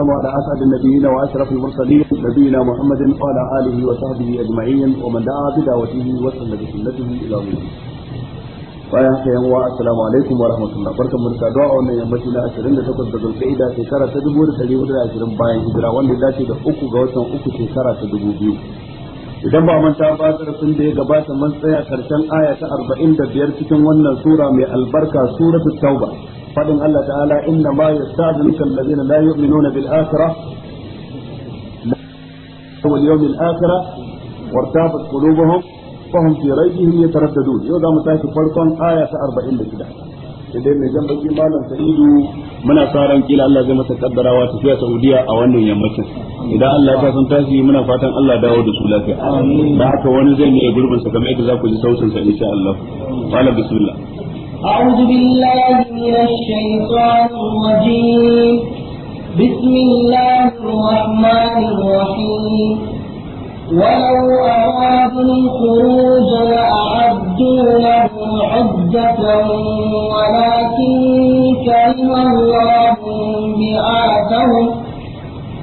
وعلى أسعد النبيين وأشرف المرسلين نبينا محمد وعلى آله وصحبه أجمعين ومن دعا بدعوته وسلم بسنته إلى يوم الدين bayan haka assalamu alaikum wa rahmatullah barkan mu da du'a wannan yammaci na 28 zulqa'ida shekara ta 1420 bayan hijira wanda dace da uku ga watan uku shekara ta 2000 idan ba manta ba tsarfin da ya gabata mun tsaya karshen aya ta 45 cikin wannan sura mai albarka suratul tauba فدن الله تعالى إنما يستأذنك الذين لا يؤمنون بالآخرة واليوم الآخرة وارتابت قلوبهم فهم في ريبهم يترددون يوضع متاكد فرقا آية أربعين لكذا idan mai jan baki malam sa'idu muna sa ran kila Allah zai masa kaddarawa tafiya Saudiya a wannan yammacin idan Allah ya san tashi muna fatan Allah dawo da su lafiya da haka wani zai ne gurbin sa kamar yadda za ku ji sautin sa insha Allah malam أعوذ بالله من الشيطان الرجيم بسم الله الرحمن الرحيم ولو أرادوا الخروج لأعدوا له عدة ولكن كره الله بآتهم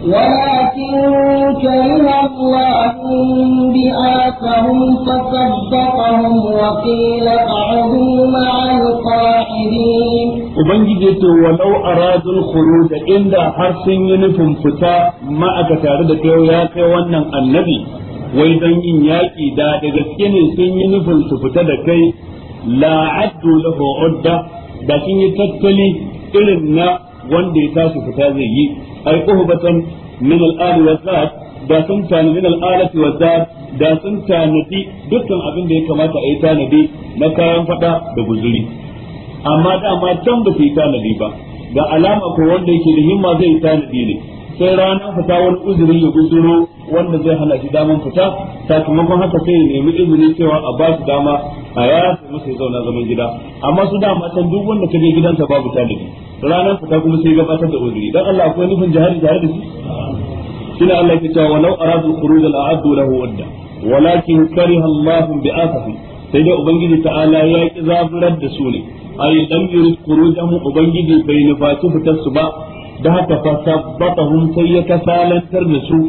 ولكن كره الله بآثهم فصدقهم وقيل اقعدوا مع القاعدين Ubangiji ce walau a razun kuru da inda har sun yi nufin fita ma aka tare da kai ya kai wannan annabi wai don yin yaƙi da da gaske ne sun yi nufin su fita da kai la'addu da udda da sun yi tattali irin na wanda ya tashi fita zai yi ay quhbatan min al-al wa da sun tanadi min al wa da sun tanadi dukkan abin da ya kamata a yi tanadi na kayan fada da guzuri amma dama can ba su yi tanadi ba ga alama ko wanda yake da himma zai tanadi ne sai ranar fita wani uzuri ya guzuro wanda zai hana shi daman fita sakamakon haka sai ya nemi izini cewa a ba su dama a ya masa ya zauna zaman gida amma su dama can duk wanda ka je gidansa babu tanadi ranar fita kuma sai gabatar da uzuri dan Allah akwai nufin jihadi tare da shi shine Allah yake cewa walau aradu khuruj la adu lahu wadda walakin kariha Allah bi'athahum sai dai ubangiji ta'ala ya ki zafirar da su ne ai dan yurid khurujahu ubangiji bai nufaci fitar su ba da haka fa sabbatahum sai ya kasalantar da su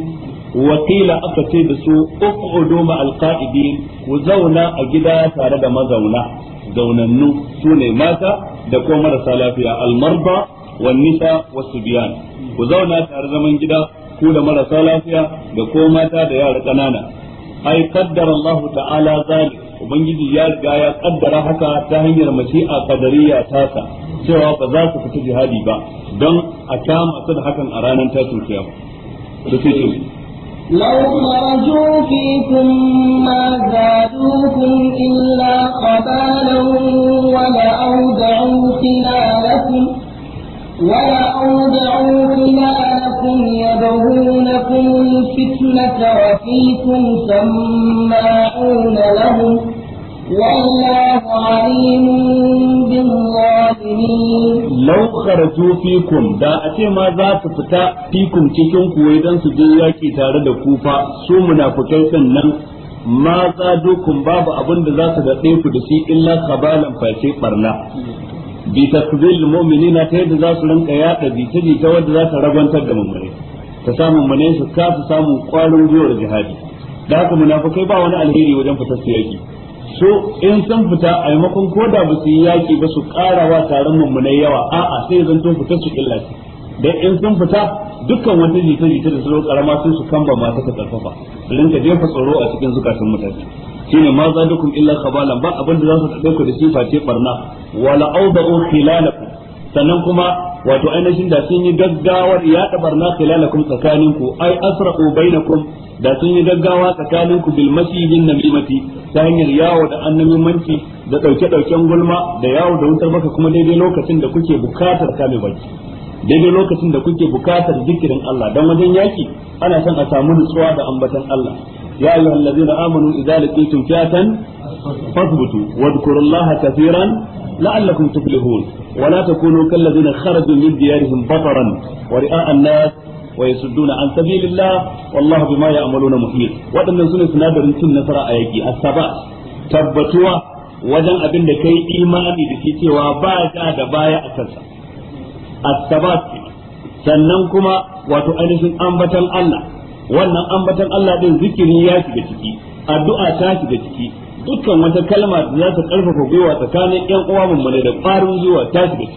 wakila aka ce da su uku odoma alqaidin ku zauna a gida tare da mazauna zaunannu sune mata da kuma marasa lafiya almarba wan nisa wasubiyan ku zauna tare zaman gida ku da marasa lafiya da ko mata da yara ƙanana. ai qaddara Allah ta'ala zalik ubangiji ya riga ya kaddara haka ta hanyar mashi'a qadariyya tasa cewa ba za su fita jihadi ba don a kama su da hakan a ranar tashin kiyama لو خرجوا فيكم ما زادوكم إلا قبالا ولأوضعوا خلالكم ولأوضعوا خلالكم يبغونكم الفتنة وفيكم سماعون لهم Wallafu ajiye min jimla fi mi. Lauƙa da tukun fikun da a ce ma za idan su bin yaƙi tare da kufa su munafukai sannan ma za tukun babu abin da za su daɗe ku da suyi illa ka ba numfashi ɓarna. Bita sibilin Muminina ta yadda za su rinƙa yaɗa bita ne tawadda za ta raba da tada mambaninsu ta samun manensu ta su samun ƙwarin gwiwar jihadi. Za su munafukai ba wani alheri wajen fitar su yaki so in sun fita a maimakon ko da ba su yi yaƙi ba su ƙara karawa taron mummunai yawa a'a sai zan to fita su illa ce dan in sun fita dukkan wata jita jita da tsoro karama sun su kamba masu ta karfafa su ka jefa tsoro a cikin zukatan mutane shine ma dukkan illa khabalan ba abin da za su dade ku da sifa ce barna wala awda'u khilalakum sannan kuma wato ainihin da sun yi gaggawar ya na khilalakum tsakaninku ai asra'u bainakum da sun yi gaggawa tsakaninku bil masyihin namimati ta hanyar yawo da manci da dauke dauken gulma da yawo da wutar baka kuma daidai lokacin da kuke bukatar kame baki daidai lokacin da kuke bukatar zikirin Allah dan wajen yaki ana son a samu nutsuwa da ambatan Allah ya ayyuhallazina amanu idza laqitum fi'atan fasbutu wadhkurullaha katsiran لعلكم تفلحون ولا تكونوا كالذين خرجوا من ديارهم بطرا ورئاء الناس ويصدون عن سبيل الله والله بما يعملون محيط waɗannan sune sinadarin cin nasara a yaki asaba tabbatuwa wajen abin da kai imani da ke cewa ba ja da baya a kansa asaba sannan kuma wato ainihin ambatan Allah wannan ambatan Allah ɗin zikiri ya shiga ciki addu'a ta shiga ciki dukkan wata kalma da za ta karfafa gwiwa tsakanin yan uwa ne da farin gwiwa ta shiga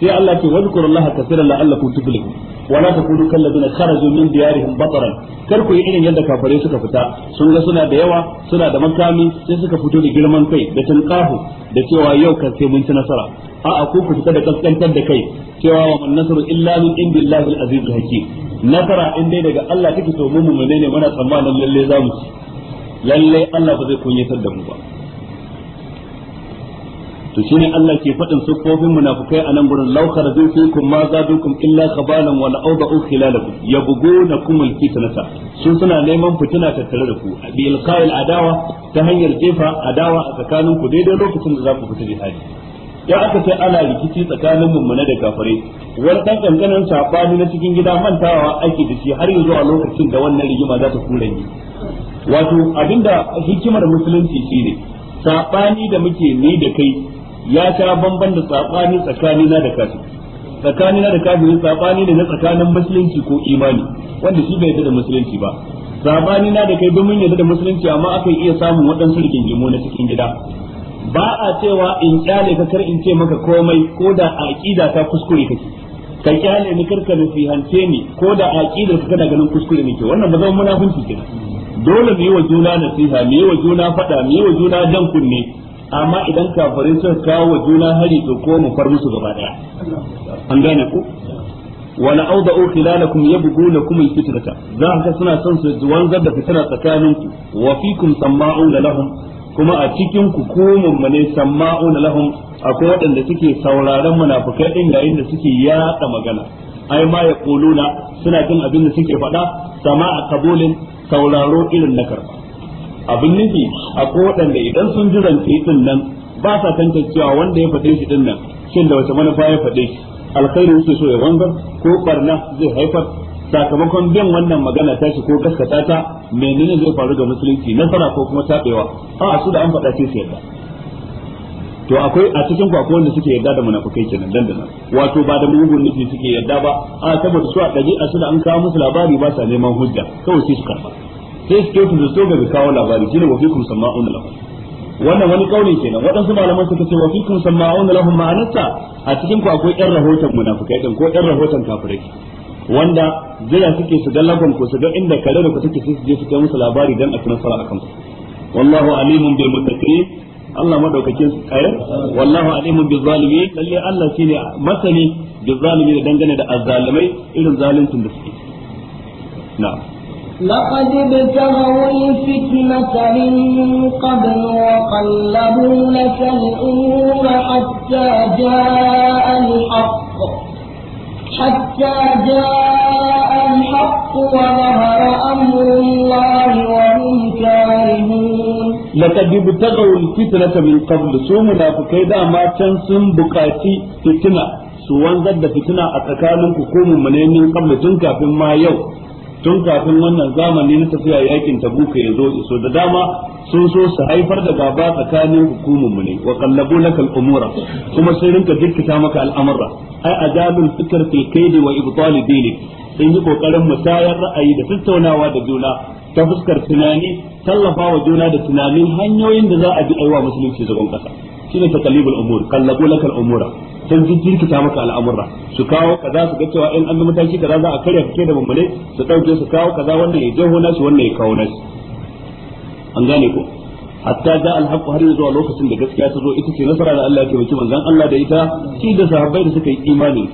sai Allah ce wadkurullaha kaseeran la'allakum tuflihun wala takunu kallazina kharaju min diyarihim bataran kar ku yi irin yadda kafare suka fita sun ga suna da yawa suna da makami sai suka fito da girman kai da tanqahu da cewa yau kan sai mun ci nasara a a ku fita da kaskantar da kai cewa wa man nasru illa min indillahi al-aziz hakim nasara in dai daga Allah take to mu mu ne muna tsammanin lalle za mu ci Lallai Allah ba zai kunyatar da mu ba to ne Allah ke faɗin siffofin munafukai a nan gurin zai fi fikum ma zadukum illa khabalan wa bugu na yabghunakum alfitnata sun suna neman fitina tattare da ku bi ilqa'il adawa ta hanyar jefa adawa a tsakanin ku daidai lokacin da za ku fita jihadi ya aka ce ana rikici tsakanin mummuna da kafirai wani dan kankanin sabani na cikin gida mantawa ake da shi har yanzu a lokacin da wannan rigima za ta kura ni wato abinda hikimar musulunci shine sabani da muke ni da kai ya ta bamban da sabani tsakani na da kafi tsakani na da kafiri sabani ne na tsakanin musulunci ko imani wanda shi bai da musulunci ba sabani na da kai domin yadda da musulunci amma aka iya samun waɗansu rigingimu na cikin gida ba a cewa in kyale ka kar in ce maka komai ko da aqida ta kuskure kake ka kyale ni karka nasihance ni ko da aqida ka kana ganin kuskure nake wannan ba zama munafunci kenan dole mu wa juna nasiha mu yi wa juna fada mu wa juna jan kunne amma idan kafirai suka kawo wa juna hari to ko mu far musu gaba daya an gane ku wala awda'u khilalakum yabghunakum alfitnata za ka suna son su wanzar da tsakanin tsakaninku wa fikum sama'un lahum kuma a cikin ku ko mummune sama'un lahum akwai waɗanda suke sauraron munafikai din yayin da suke yada magana ai ma yaquluna suna jin abin da suke faɗa sama'a qabulin sauraro irin na karba abin nufi akwai waɗanda idan sun ji rance din nan ba sa tantancewa wanda ya faɗe shi din nan shin da wace manufa ya faɗe shi alkhairi yake so ya wanzar ko barna zai haifar sakamakon bin wannan magana ta shi ko gaskata ta menene zai faru ga musulunci nasara ko kuma tabewa a su da an faɗa ce su yadda to akwai a cikin ku akwai wanda suke yadda da munafikai kenan dandana wato ba da mugun nufi suke yadda ba a saboda su a dabi'a su da an kawo musu labari ba sa neman hujja kawai sai su karba sai su kyautu da so ga kawo labari shine wa fikum sama'un lahum wannan wani kauli kenan waɗansu malaman suka ce wa fikum sama'un lahum ma'anarsa a cikin ku akwai ɗan rahoton munafikai din ko ɗan rahoton kafirai wanda jira suke su ga lafan ku su ga inda kare da ku take su je su kai musu labari dan a tunasara akan ku wallahu alimun bil muttaqin Allah madaukakin su kare eh? wallahu alimun bi zalimi lalle Allah shine masani bi zalimi da dangane da azzalimai irin zaluntun da suke na'am لقد ابتغوا الفتنة من قبل وقلبوا لك الأمور حتى جاء الحق حتى جاء الحق وظهر أمر الله وهم كارهون لقد ابتغوا الفتنة من قبل سومنا فكذا ما تنسم بقاتي فتنة su wanzar da fitina a tsakanin hukumar manayin kamar tun kafin ma yau tun kafin wannan zamani na tafiya yakin ta ka yanzu iso da dama sun so su haifar da gaba tsakanin hukumar mu ne wa kuma sai rinka dukkata maka al'amura ai azalul fikr fil kayd wa ibtal din sun yi kokarin musayar ra'ayi da tattaunawa da juna ta fuskar tunani tallafa wa juna da tunanin hanyoyin da za a bi aiwa musulunci zagon kasa shine taqlibul umur qallabu lakal umura sun jinkirta maka al'amura su kawo kaza su ga cewa in an mataki kaza za a karya kake da mummune su dauke su kawo kaza wannan ya jeho nashi wannan ya kawo nashi an gane ko hatta ja alhaqu har zuwa lokacin da gaskiya ta zo ita ce nasara da Allah ya taimaki manzon Allah da ita shi da sahabbai da suka yi imani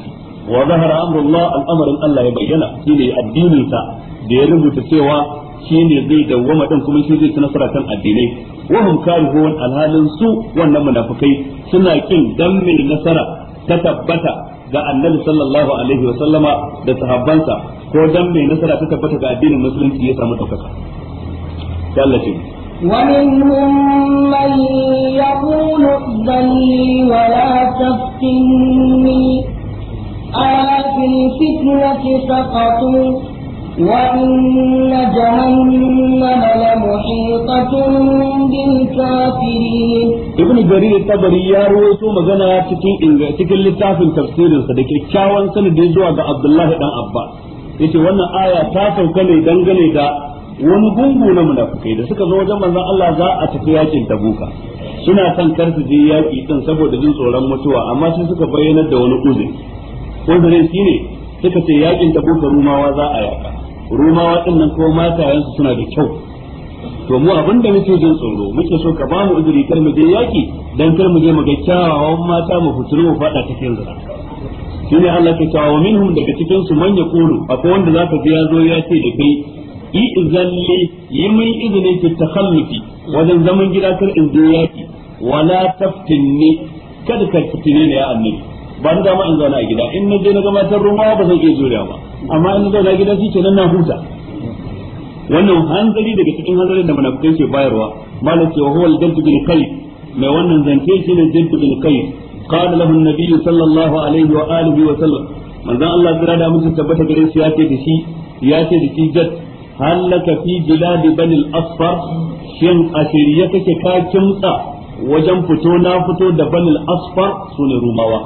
wa zahara amrullah al'amarin Allah ya bayyana shine addinin sa da ya rubuta cewa shi ne zai dawwama din kuma shi zai ci nasara kan addinai wa hum karihun alhalin su wannan munafikai suna kin dan mai nasara ta tabbata ga annabi sallallahu alaihi wa sallama da sahabbansa ko dan mai nasara ta tabbata ga addinin musulunci ya samu ɗaukaka. Allah ومنهم من يقول ائذني ولا تفتني ألا في الفتنة سقطوا وإن جهنم لمحيطة بالكافرين ابن جرير الطبري يا رويتو مغنى تكين تكين لتاف تفسير صدق كاوان سنة دي زوا عبد الله بن عباس يتي وانا aya ta sauka ne dangane wani gungu na munafukai da suka zo wajen manzon Allah za a tafi yakin tabuka suna son kar su je yaki din saboda jin tsoron mutuwa amma sai suka bayyana da wani uzuri uzurin shine suka ce yakin tabuka rumawa za a yaka rumawa din nan ko matayen suna da kyau to mu abin da muke jin tsoro muke so ka ba mu uzuri kar mu je yaki dan kar mu je mu ga kyawawan mata mu fituru mu fada cikin zina shine Allah ke kawo minhum daga cikin su manya kulu akwai wanda za ka biya zo ya ce da kai izalli yi min izini fi takhallufi wajen zaman gida kar in zo yaki wala taftinni kada ka fitine ne ya annabi ba ni dama in zauna a gida in na je na gabatar ruwa ba zan iya juriya ba amma in na zauna gida shi nan na huta wannan hanzari daga cikin hanzarin da munafikai ke bayarwa malam ce wa huwa al-jadd bin qais mai wannan zance shi ne jantu bin kai kada lahu an-nabi sallallahu alaihi wa alihi wa sallam manzon Allah tsira da mutum tabbata gare shi ya ce da shi ya ce da shi hal laka fi biladi bani al-asfar shin a shirye kake ka kimtsa wajen fito na fito da bani al-asfar sune rumawa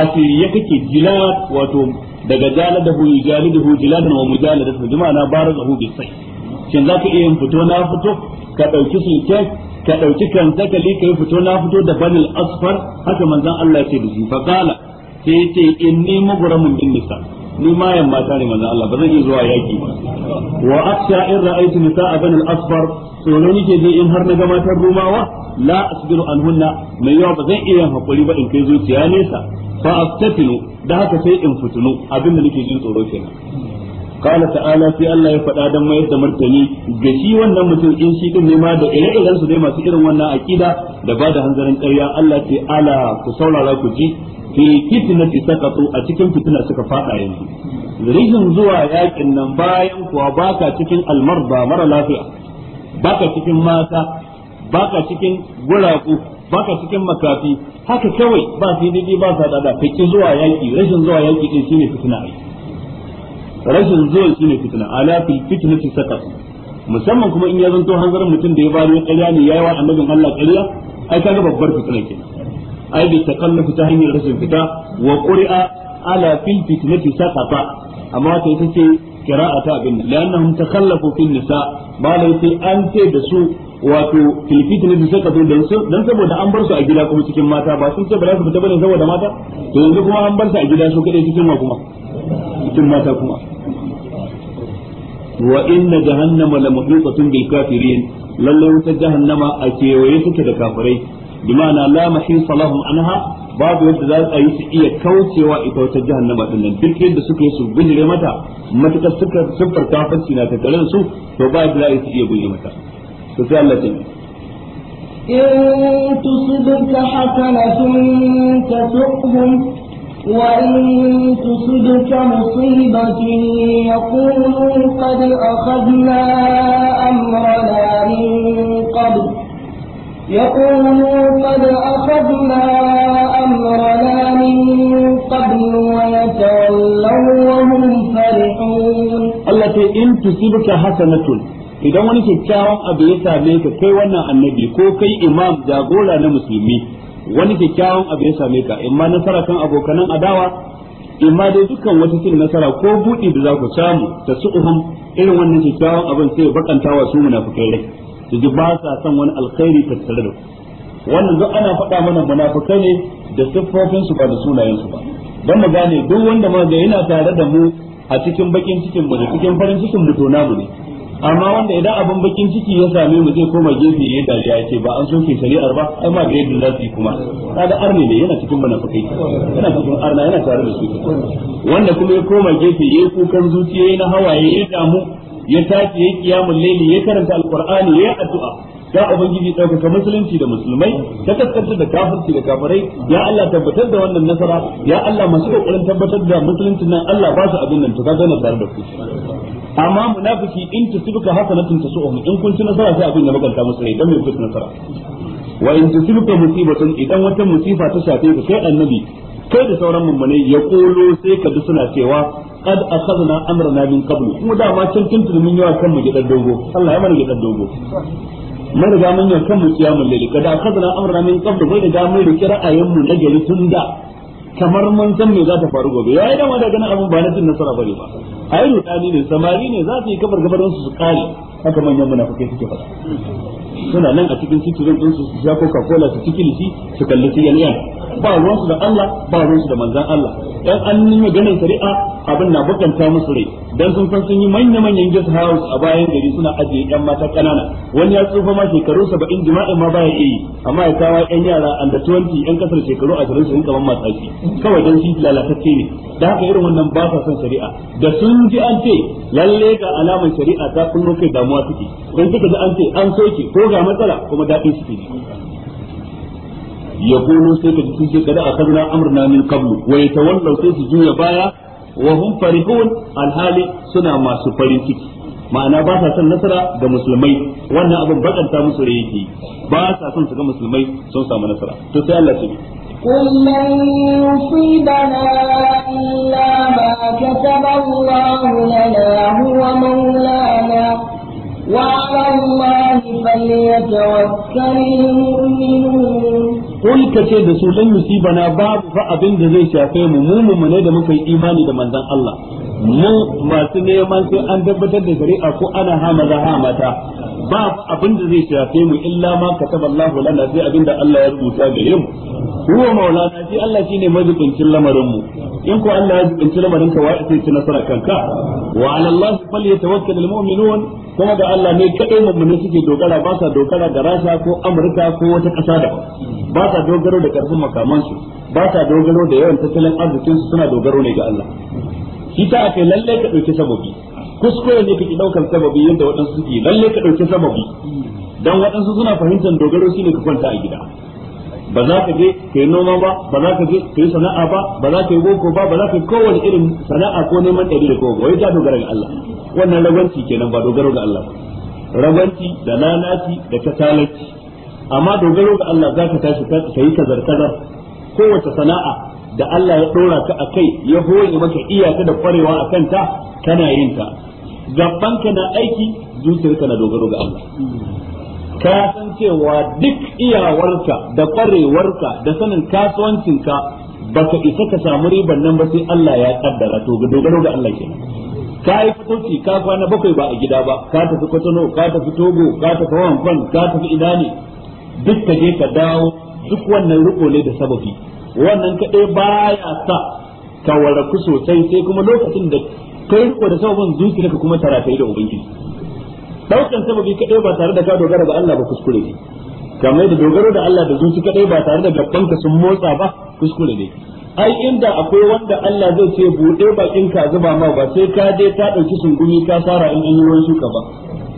a shirye kake jilad wato daga jaladahu yujaliduhu jiladan wa mujaladatu bima'ana barazahu bisayf shin zaka iya yin fito na fito ka dauki sulke ka dauki kan sakali kai fito na fito da banil asfar haka manzon Allah ya ce da shi fa qala sai yace inni mughramun bin nisa' ni ma yan mata ne manzo Allah ba zan yi zuwa yaki ba wa in ra'aytu nisaa a al-asfar tsoro nake ji in har na ga matan rumawa la asbiru anhunna mai yawa ba zan iya hakuri ba in kai zuciya nesa fa aftatinu da haka sai in fitinu abin da nake jin tsoro kenan قال تعالى في الله يفدا dan mayar da martani ga wannan mutum in shi din ne ma da ire-iren su dai masu irin wannan aƙida da ba da hanzarin ƙarya Allah ce ala ku saurara ku ji fi kitna tisaqatu a cikin fitina suka fada yanzu rihin zuwa yakin nan bayan kuwa baka cikin almarba mara lafiya baka cikin mata baka cikin guragu baka cikin makafi haka kawai ba fididi ba sa dada fiki zuwa yaki rashin zuwa yaki din shine fitina ai rashin zuwa shine fitina ala fi fitnati tisaqatu musamman kuma in ya zanto hanzarin mutum da ya bari ƙarya ne yayi wa annabin Allah ƙarya ai kaga babbar fitina kenan ai bi takalluf ta hanyar rashin fita wa quri'a ala fil fitnati saqata amma ta ita ce qira'a ta bin lannahum takallafu fil nisa ba laifi an ce da su wato fil fitnati saqatu dan dan saboda an bar su a gida kuma cikin mata ba sun ce ba za su fita bane saboda mata to yanzu kuma an bar su a gida su kadai cikin wa kuma cikin mata kuma wa inna jahannama la muhitatun bil kafirin lalle wuta jahannama a kewaye take da kafirai bima'ana la mahisa lahum anha babu yadda za su yi su iya kaucewa ita wata jahannama din nan duk yadda suka yi su bijire mata matakar suka siffar kafirci na tattare da su to ba yadda za su iya bijire mata to sai Allah ya إن تصبك حسنة تسؤهم وإن تصبك مصيبة يقولوا قد أخذنا أمرنا من قبل يقولوا قد أخذنا أمرنا من idan wani kyakkyawan abu ya same ka kai wannan annabi ko kai imam jagora na musulmi wani kyakkyawan abu ya same ka imma nasara kan abokanan adawa imma dai dukkan wata cin nasara ko buɗi da za ku samu ta su'uhum irin wannan kyakkyawan abin sai ya su munafukai rai su ji ba sa son wani alkhairi tattare da ku wannan duk ana faɗa mana munafukai ne da siffofin su ba da sunayen su ba dan mu gane duk wanda ma ga yana tare da mu a cikin bakin cikin mu da cikin farin cikin mu to namu ne amma wanda idan abin bakin ciki ya same mu zai koma gefe ya da ya ce ba an soke shari'ar ba ai ma gaidin yadda su kuma kada arne ne yana cikin munafukai yana cikin arna yana tare da su wanda kuma ya koma gefe ya kukan zuciya na hawaye ya damu ya tashi ya kiyamul layli ya karanta alqur'ani ya addu'a ya ubangiji ɗaukaka musulunci da musulmai ta kaskantar da kafirci da kafirai ya Allah tabbatar da wannan nasara ya Allah masu kokarin tabbatar da musulunci nan Allah ba su abin nan to ka gane tare da ku amma munafiki in tusibka hasanatun tasu'um in kun ci nasara sai abin ya bakanta musu rai dan mai kun nasara wa in tusibka musibatun idan wata musifa ta shafe ka sai annabi kai da sauran mummune ya kolo sai ka ji suna cewa qad akhadna amrana min qablu kuma da ma cin tuntun mun yawa kan mu gidan dogo Allah ya mana gidan dogo mun riga mun yi kan mu kiyamul layli kad akhadna amrana min qablu bai riga mun rike ra'ayin mu na gari tun da kamar mun san me za ta faru gobe yayi da ma da ganin abun ba na tun nasara bane ba ai rudani ne samari ne za su yi kafar gabarin su su kare haka manyan munafikai suke faɗa suna nan a cikin citizen din su sha ko kakola su cikin shi su kalli CNN ba ruwan su da Allah ba ruwan su da manzan Allah 'yan an yi maganar shari'a abin na bukanta musu rai dan sun san sun yi manya-manyan guest house a bayan gari suna ajiye yan mata kanana wani ya tsufa ma shekaru 70 jima'in ma baya yi amma ya tawa yan yara anda 20 yan kasar shekaru 20 su rinka mamma tsaki kawai dan shi lalatacce ne da haka irin wannan ba sa son shari'a da sun ji an ce lalle ga alamar shari'a ta kullo kai damuwa take dan suka ji an ce an soke ko ga matsala kuma su sai daɗi suke يقولوا a سيكون قد min أمرنا ta قبل sai su juya baya? wa hum farihun alhali suna masu farin ciki ma'ana ba sa son nasara ga musulmai wannan abin bakanta musu rai yake ba sa son su ga musulmai sun samu nasara to sai Allah ya قل لن يصيبنا إلا ما كتب الله لنا هو مولانا وعلى الله فليتوكل المؤمنون kul ka ce da su lan bana babu fa abin da zai shafe mu mu mu ne da muka yi imani da manzon Allah mu masu neman sai an tabbatar da shari'a ko ana hama hamata ba abin da zai shafe mu illa ma kataba Allah lana sai abin da Allah ya rubuta ga yau. huwa maulana shi Allah shine mazubincin lamarin mu in ko Allah ya zubinci lamarin ka wa sai ci nasara kanka wa ala Allah falyatawakkalul mu'minun kuma da Allah ne kadai mu'mini suke dogara ba sa dogara ga Rasha ko Amurka ko wata kasa da ba ba sa dogaro da karfin makamansu ba sa dogaro da yawan tattalin arzikin su suna dogaro ne ga Allah shi ta ake lalle ka ɗauki sababi kuskure ne kake ɗaukar sababi yadda waɗansu suke lalle ka dauke sababi dan waɗansu suna fahimtar dogaro shine ka kwanta a gida ba za ka je kai noma ba ba za ka je kai sana'a ba ba za ka yi boko ba ba za ka yi kowane irin sana'a ko neman ɗari da kowa wai ta dogara ga Allah wannan rabanci kenan ba dogaro ga Allah rabanci da lalaci da katalaci amma dogaro ga Allah za ka tashi ka yi kazar-kazar kowace sana'a da Allah ya ɗora ka a kai ya hore maka iyaka da kwarewa a kanta kana yin ta ka na aiki zuciyarka na dogaro ga Allah ka san cewa duk iyawarka da kwarewarka da sanin kasuwancinka baka isa ka samu riban nan ba sai Allah ya kaddara to ga dogaro ga Allah kenan ka yi fitoci ka kwana bakwai ba a gida ba ka tafi kwatano ka tafi togo ka tafi wanfan ka tafi idani duk ka je ka dawo duk wannan riko ne da sababi wannan kaɗai baya sa ka waraku sosai sai kuma lokacin da kai riko da sababin daga kuma tara kai da ubangiji daukan sababi kaɗai ba tare da ka dogara ga Allah ba kuskure ne kamar da dogaro da Allah da zuci kaɗai ba tare da ka sun motsa ba kuskure ne ai inda akwai wanda Allah zai ce buɗe bakin ka zuba ma ba sai ka je ka ɗauki sungumi ka sara in an yi ruwan shuka ba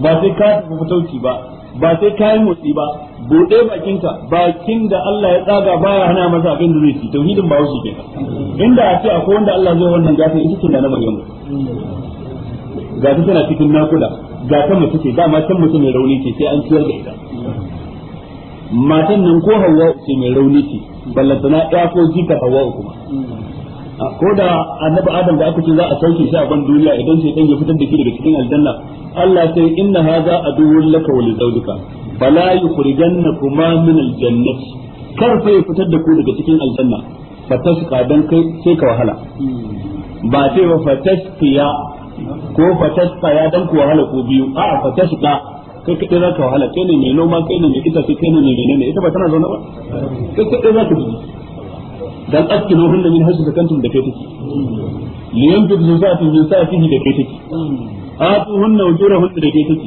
ba sai ka tafi fitauci ba ba sai ka yi motsi ba bude bakinka bakin da Allah ya tsaga baya hana masa abin da zai ci tauhidin ba wasu kenan inda a ce akwai wanda Allah zai wannan gafe ita ce na bayyana ga ta tana cikin nakuda ga ta mutu ce dama can mutu mai rauni ce sai an ciyar da ita matan nan ko hawa ce mai rauni ce ballantana ya ko jika hawa kuma ko da annabi adam da aka ce za a sauke shi a ban duniya idan sai dan ya fitar da shi daga cikin aljanna Allah sai inna hadha aduwwun laka wa lizawjika fala yukhrijannakuma min aljannati kar sai ya fitar da ku daga cikin aljanna fatasqa dan kai sai ka wahala ba sai ba fatasqiya ko fatasqa ya dan ku wahala ko biyu a'a fatasqa kai kai za ka wahala kai ne mai noma kai ne mai ita kai ne mai ne ita ba tana zaune ba kai kadai za ka ji dan askinu hunna min hasu sakantum da kai take liyan fi sa'atin min sa'atihi da kai take atu hunna ujurahunna da kai take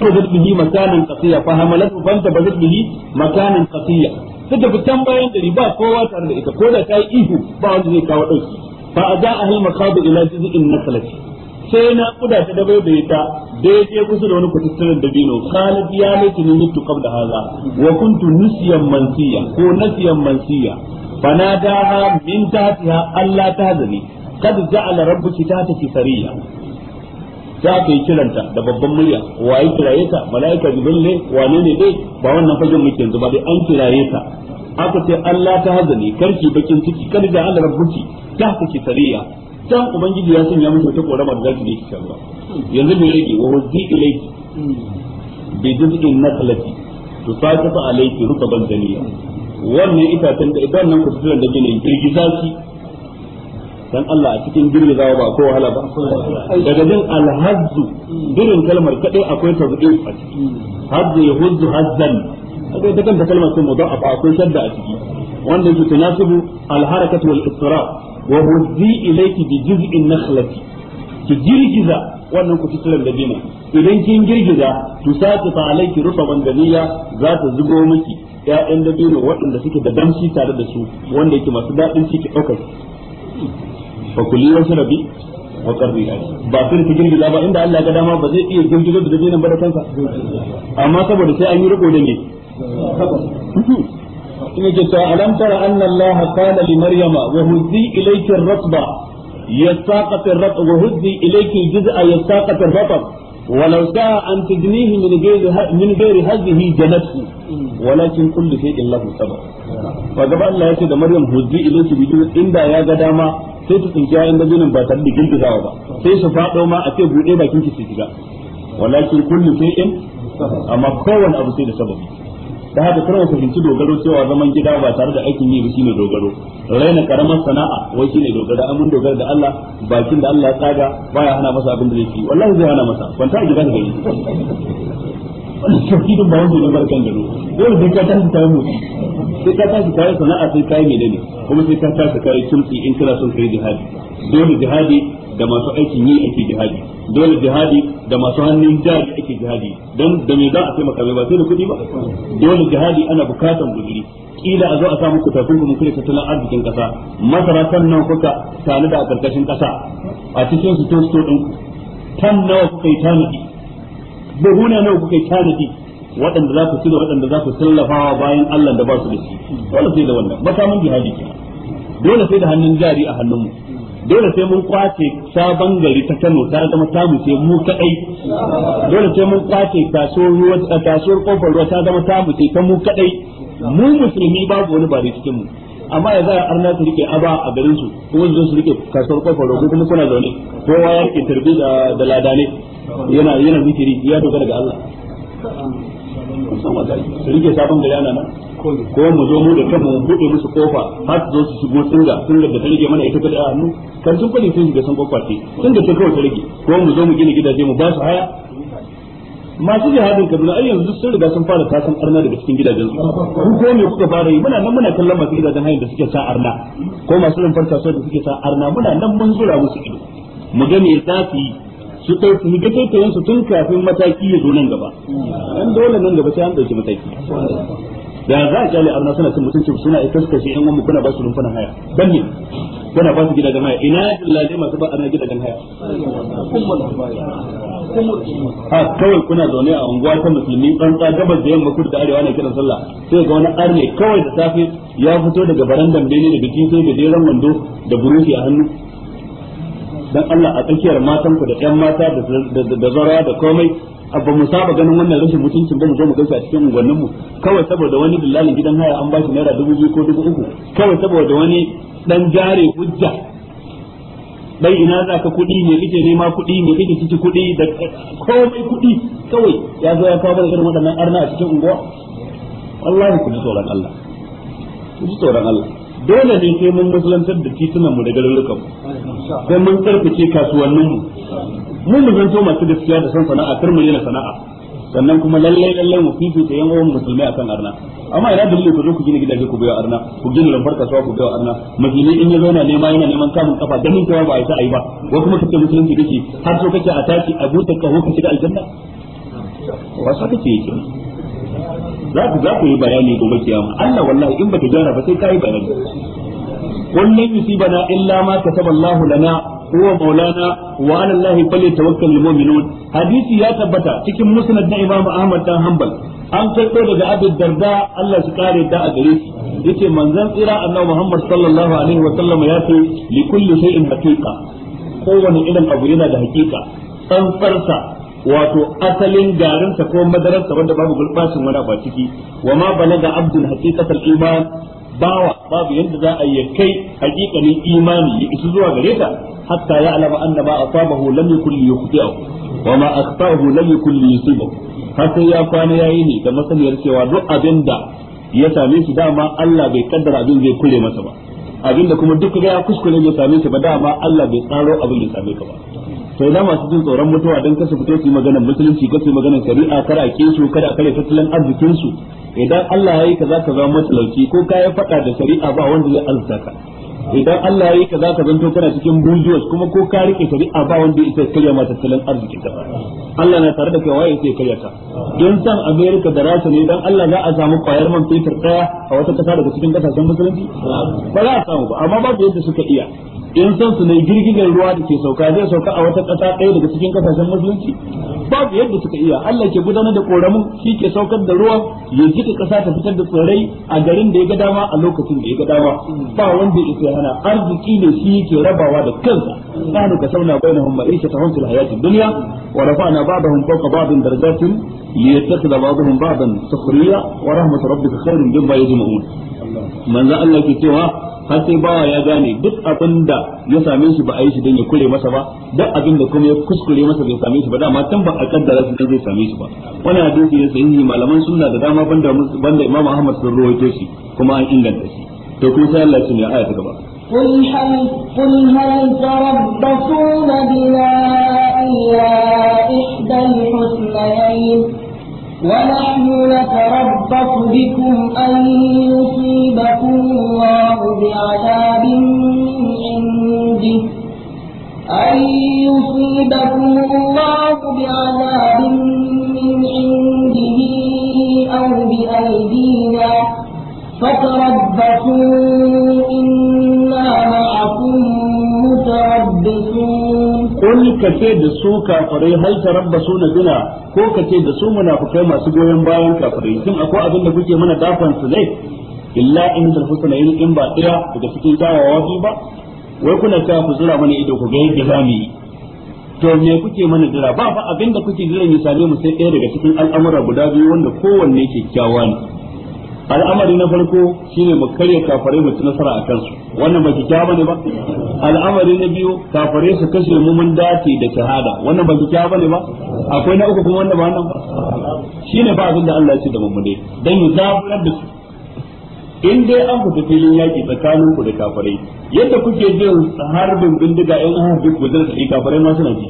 فبدت به مكانا قصيا فحملته فانتبذت به مكانا قصيا ta tafi can bayan gari ba kowa tare da ita ko da ta ihu ba wanda zai kawo ɗauki Ba a za a halma kabu ila jizi'in sai na kuda ta dabar bai ita da ya je kusa da wani kututturen dabino khalid ya laifi ni mutu da haza wa kuntu nusiyan mansiya ko nasiyan mansiya ha min ta ta tahtiha alla tahzani kad ta ta tahtaki sariya za ka yi kiranta da babban murya waye kiraye ta mala'ika jibril ne wane ne dai ba wannan fagen muke yanzu ba dai an kiraye ta aka ce Allah ta hazani karki bakin ciki kar da Allah ki ta haka ki sariya can ubangiji ya sanya miki wata korama da zaki yake shan ruwa yanzu me rage wa wazi ilayki bi jiz'in naklati tusaqatu alayki rukaban daniya wannan itacen da idan nan ku tsiran da gine girgiza shi dan Allah a cikin girgizawa ba ko wahala ba daga jin alhazzu dirin kalmar kadai akwai tazkir a ciki hazzu yahuzzu hazzan akwai ta kanta kalmar sun mudafa akwai shadda a ciki wanda yake tunasibu alharakatu wal istirab wa huzzi ilayki bi juz'in nakhlati ki girgiza wannan kututturen da bina idan kin girgiza to saki fa alayki rusaban daniya za ta zubo miki ƴaƴan da bina waɗanda suke da damshi tare da su wanda yake masu daɗin ciki ɗaukar fa kulli wasu rabi wa qarri ba sai ki girgiza ba inda Allah ga dama ba zai iya girgizo da dabinan ba da kansa amma saboda sai an yi riko da ne yake cewa alam tara anna Allah qala li maryama wa huzzi ilayki ar-ratba yasaqat ar-ratba wa huzzi ilayki juz'a yasaqat ar-ratba ولو شاء أن تجنيه من غير من غير هذه جنته ولكن كل شيء له سبب فقبل الله يكي مريم هزي إليك بجوز إن دا يا قداما sai ta tsinci yayin ba tare da ba sai su faɗo ma a ce buɗe bakin ki su shiga walakin kullu shay'in amma kowanne abu sai da sababi da haka kar mu fahimci dogaro cewa zaman gida ba tare da aikin yi ba shine dogaro raina karamar sana'a wai shine dogaro amun dogaro da Allah bakin da Allah ya tsaga baya hana masa abin da yake yi wallahi zai hana masa kwanta a gidan gari wannan tauhidin ba wanda ne barkan gado dole sai ka tashi ta mutu sai ka tashi yi sana'a sai kai dane kuma sai ka tashi kayan kimtsi in kana son kai jihadi dole jihadi da masu aikin yi ake jihadi dole jihadi da masu hannun jari ake jihadi don da me za a taimaka mai ba sai da kuɗi ba dole jihadi ana bukatan guzuri kila a zo a samu ku tafi mu tattalin arzikin kasa masara kan nawa kuka tani da a karkashin kasa a cikin su tosto din kan nawa kuka yi tanadi buhuna nawa kuka yi tanadi waɗanda za ku ci da waɗanda za ku sallafawa bayan Allah da ba su da shi dole sai da wannan makamin jihadi kenan dole sai da hannun jari a hannunmu dole sai mun kwace sabon gari ta Kano ta zama tamu sai mu kadai dole sai mun kwace kasuwar ruwa eh, kasuwar kofar ruwa ta zama tamu sai ta mu kadai mu musulmi babu wani bare cikin mu amma yanzu zaya arna su rike aba a garin su ko zo su rike kasuwar kofar ruwa kuma kuna zaune kowa ya rike tarbi eh, da ladane yana yana zikiri ya dogara ga Allah da rike sabon gari ana nan ko mu zo mu da kanmu mu buɗe musu kofa har zo su shigo tsinga tsinga da ta rage mana ita kada a hannu kan sun fadi sun shiga sun kwakwace tsinga ta kawai ta rage ko mu zo mu gina gidaje mu ba su haya masu jihadin kaduna ai yanzu sun riga sun fara tasan arna daga cikin gidajen su ku ko me kuka fara yi muna nan muna kallon masu gidajen hayan da suke sa arna ko masu rumfar kasuwar da suke sa arna muna nan mun zura musu ido mu ga me za su yi su ɗauki mu ga taitayen su tun kafin mataki ya zo nan gaba dan dole nan gaba sai an ɗauki mataki da za a kyale arna suna cin mutuncin suna suka kaskashi yan wani kuna ba su rumfunan haya ban ne kuna ba su gidajen haya ina ya lalle masu ba a arna gidajen haya Ha kawai kuna zaune a unguwa ta musulmi tsantsa gabas da yamma kudu da arewa na kiran sallah sai ga wani arne kawai da safe ya fito daga barandan bene da bikin sai jeran wando da burushi a hannu dan Allah a tsakiyar matan ku da ƴan mata da zara da komai ba mu saba ganin wannan rashin mutuncin ba mu zo mu gaisa a cikin unguwannin mu kawai saboda wani dillalin gidan haya an bashi naira dubu biyu ko dubu uku kawai saboda wani dan jare hujja Bai ina za ka kuɗi ne kike nema kuɗi ne kike ciki kuɗi da komai kuɗi kawai ya zo ya kawo mana irin waɗannan arna a cikin unguwa wallahi ku ji tsoron Allah ku ji tsoron Allah dole ne sai mun musulantar da titunan mu da garurukan mu sai mun karfice kasuwannin mu mu mu zanto masu gaskiya da son sana'a kar mu yana sana'a sannan kuma lallai lallai mu fifi yan uwan musulmai akan arna amma ina da ku zo ku gina gidaje ku biya arna ku gina lambar kasuwa ku biya arna mahimmi in ya zauna nema yana neman kamun kafa ganin cewa ba a ta ayi ba ko kuma kace musulunci kake har so kake a tashi a buta kaho ka shiga aljanna sa kake yake za ku za ku yi bayani gobe kiyama Allah wallahi in baka gyara ba sai kai bayani قل لن يصيبنا إلا ما كتب الله لنا هو مولانا وعلى الله فليتوكل المؤمنون حديثي يا تبتا تكي مسند إمام أحمد بن حنبل an karɓo daga abin darda Allah su kare da a gare shi yace manzon tsira annabi Muhammad sallallahu alaihi wa sallam ya ce li in shay'in haqiqa kowane irin abu yana da hakika tsantsarsa wato asalin garinsa ko madararsa wanda babu gurbacin wani ba ciki wa ma balaga abdul haqiqatul iman bawa babu yadda za a yi kai hakikanin imani ya isu zuwa gare ta hatta ya alama anna ma asabahu lam yakul li yukhti'ahu wa ma akhtahu lam yakul li yusibahu har sai ya kwana yayi ne da masaniyar cewa duk abinda ya same shi dama Allah bai kaddara abin zai kure masa ba Abinda kuma duk ya kuskure bai same shi ba dama Allah bai tsaro abin ya same ka ba sai da masu jin tsoron mutuwa don kasa fito su yi maganar musulunci kasa maganar shari'a kada a su kada a kare tattalin arzikin su idan Allah ya yi ka za ka zama matsalauci ko ka yi faɗa da shari'a ba wanda zai arzuta ka idan Allah ya yi ka za ka zanto kana cikin bujuwas kuma ko ka rike shari'a ba wanda ya karya ma tattalin arziki ka Allah na tare da kai waye sai karya ka don san America da Rasha ne dan Allah za a samu kwayar man fetur ɗaya a wata kasa daga cikin kasashen musulunci ba za a samu ba amma babu yadda suka iya in san su ne girgizar ruwa da ke sauka zai sauka a wata ƙasa ɗaya daga cikin ƙasashen musulunci babu yadda suka iya Allah ke gudanar da ƙoramin shi ke saukar da ruwa ya jika ƙasa ta fitar da tsirrai a garin da ya ga dama a lokacin da ya ga dama ba wanda ya hana arziki ne shi yake rabawa da kansa nahnu kasawna bainahum ma'ishatahum fil hayati dunya wa rafa'na ba'dahum fawqa ba'din darajatin liyattakhidha ba'dahum ba'dan sukhriya wa rahmatu rabbika khairun mimma yajma'un manzo Allah ke cewa har sai bawa ya gane duk abin da ya same shi ba a yi shi don ya kure masa ba duk abin da kuma ya kuskure masa bai same shi ba dama can ba a kaddara su zai same shi ba wani hadisi ne yi malaman sunna da dama banda banda Imam Ahmad sun rawaito shi kuma an inganta shi to kuma sai Allah ya aya ta gaba قل هل قل هل تربصون بنا إلا إحدى الحسنيين ونحن نتربص بكم أن يصيبكم الله بعذاب من عنده أن يصيبكم الله بعذاب من عنده أو بأيدينا فتربصوا wani kace da su kafirai hal tarabbasu na dina ko kace da su munafikai masu goyon bayan kafirai kin akwai abin da kuke mana dafan su ne illa in da husna yin in ba daya daga cikin tawa bi ba wai kuna ta ku zura mana ido ku ga yadda zamu yi to me kuke mana jira ba fa abin da kuke jira misali mu sai ɗaya daga cikin al'amura guda biyu wanda kowanne kyakkyawa ne al'amari na farko shine mu karya kafare mu ci nasara a kansu wannan ba kikkiawa bane ba al'amari na biyu kafare su kashe mu mun dace da shahada wannan ba kikkiawa bane ba akwai na uku kuma wannan ba wannan shine ba abin da Allah ya ce da mu dai dan ya zaburar da su in dai an fita filin yaki tsakanin ku da kafare yadda kuke jin harbin bindiga in an harbe ku da kafare ma suna ji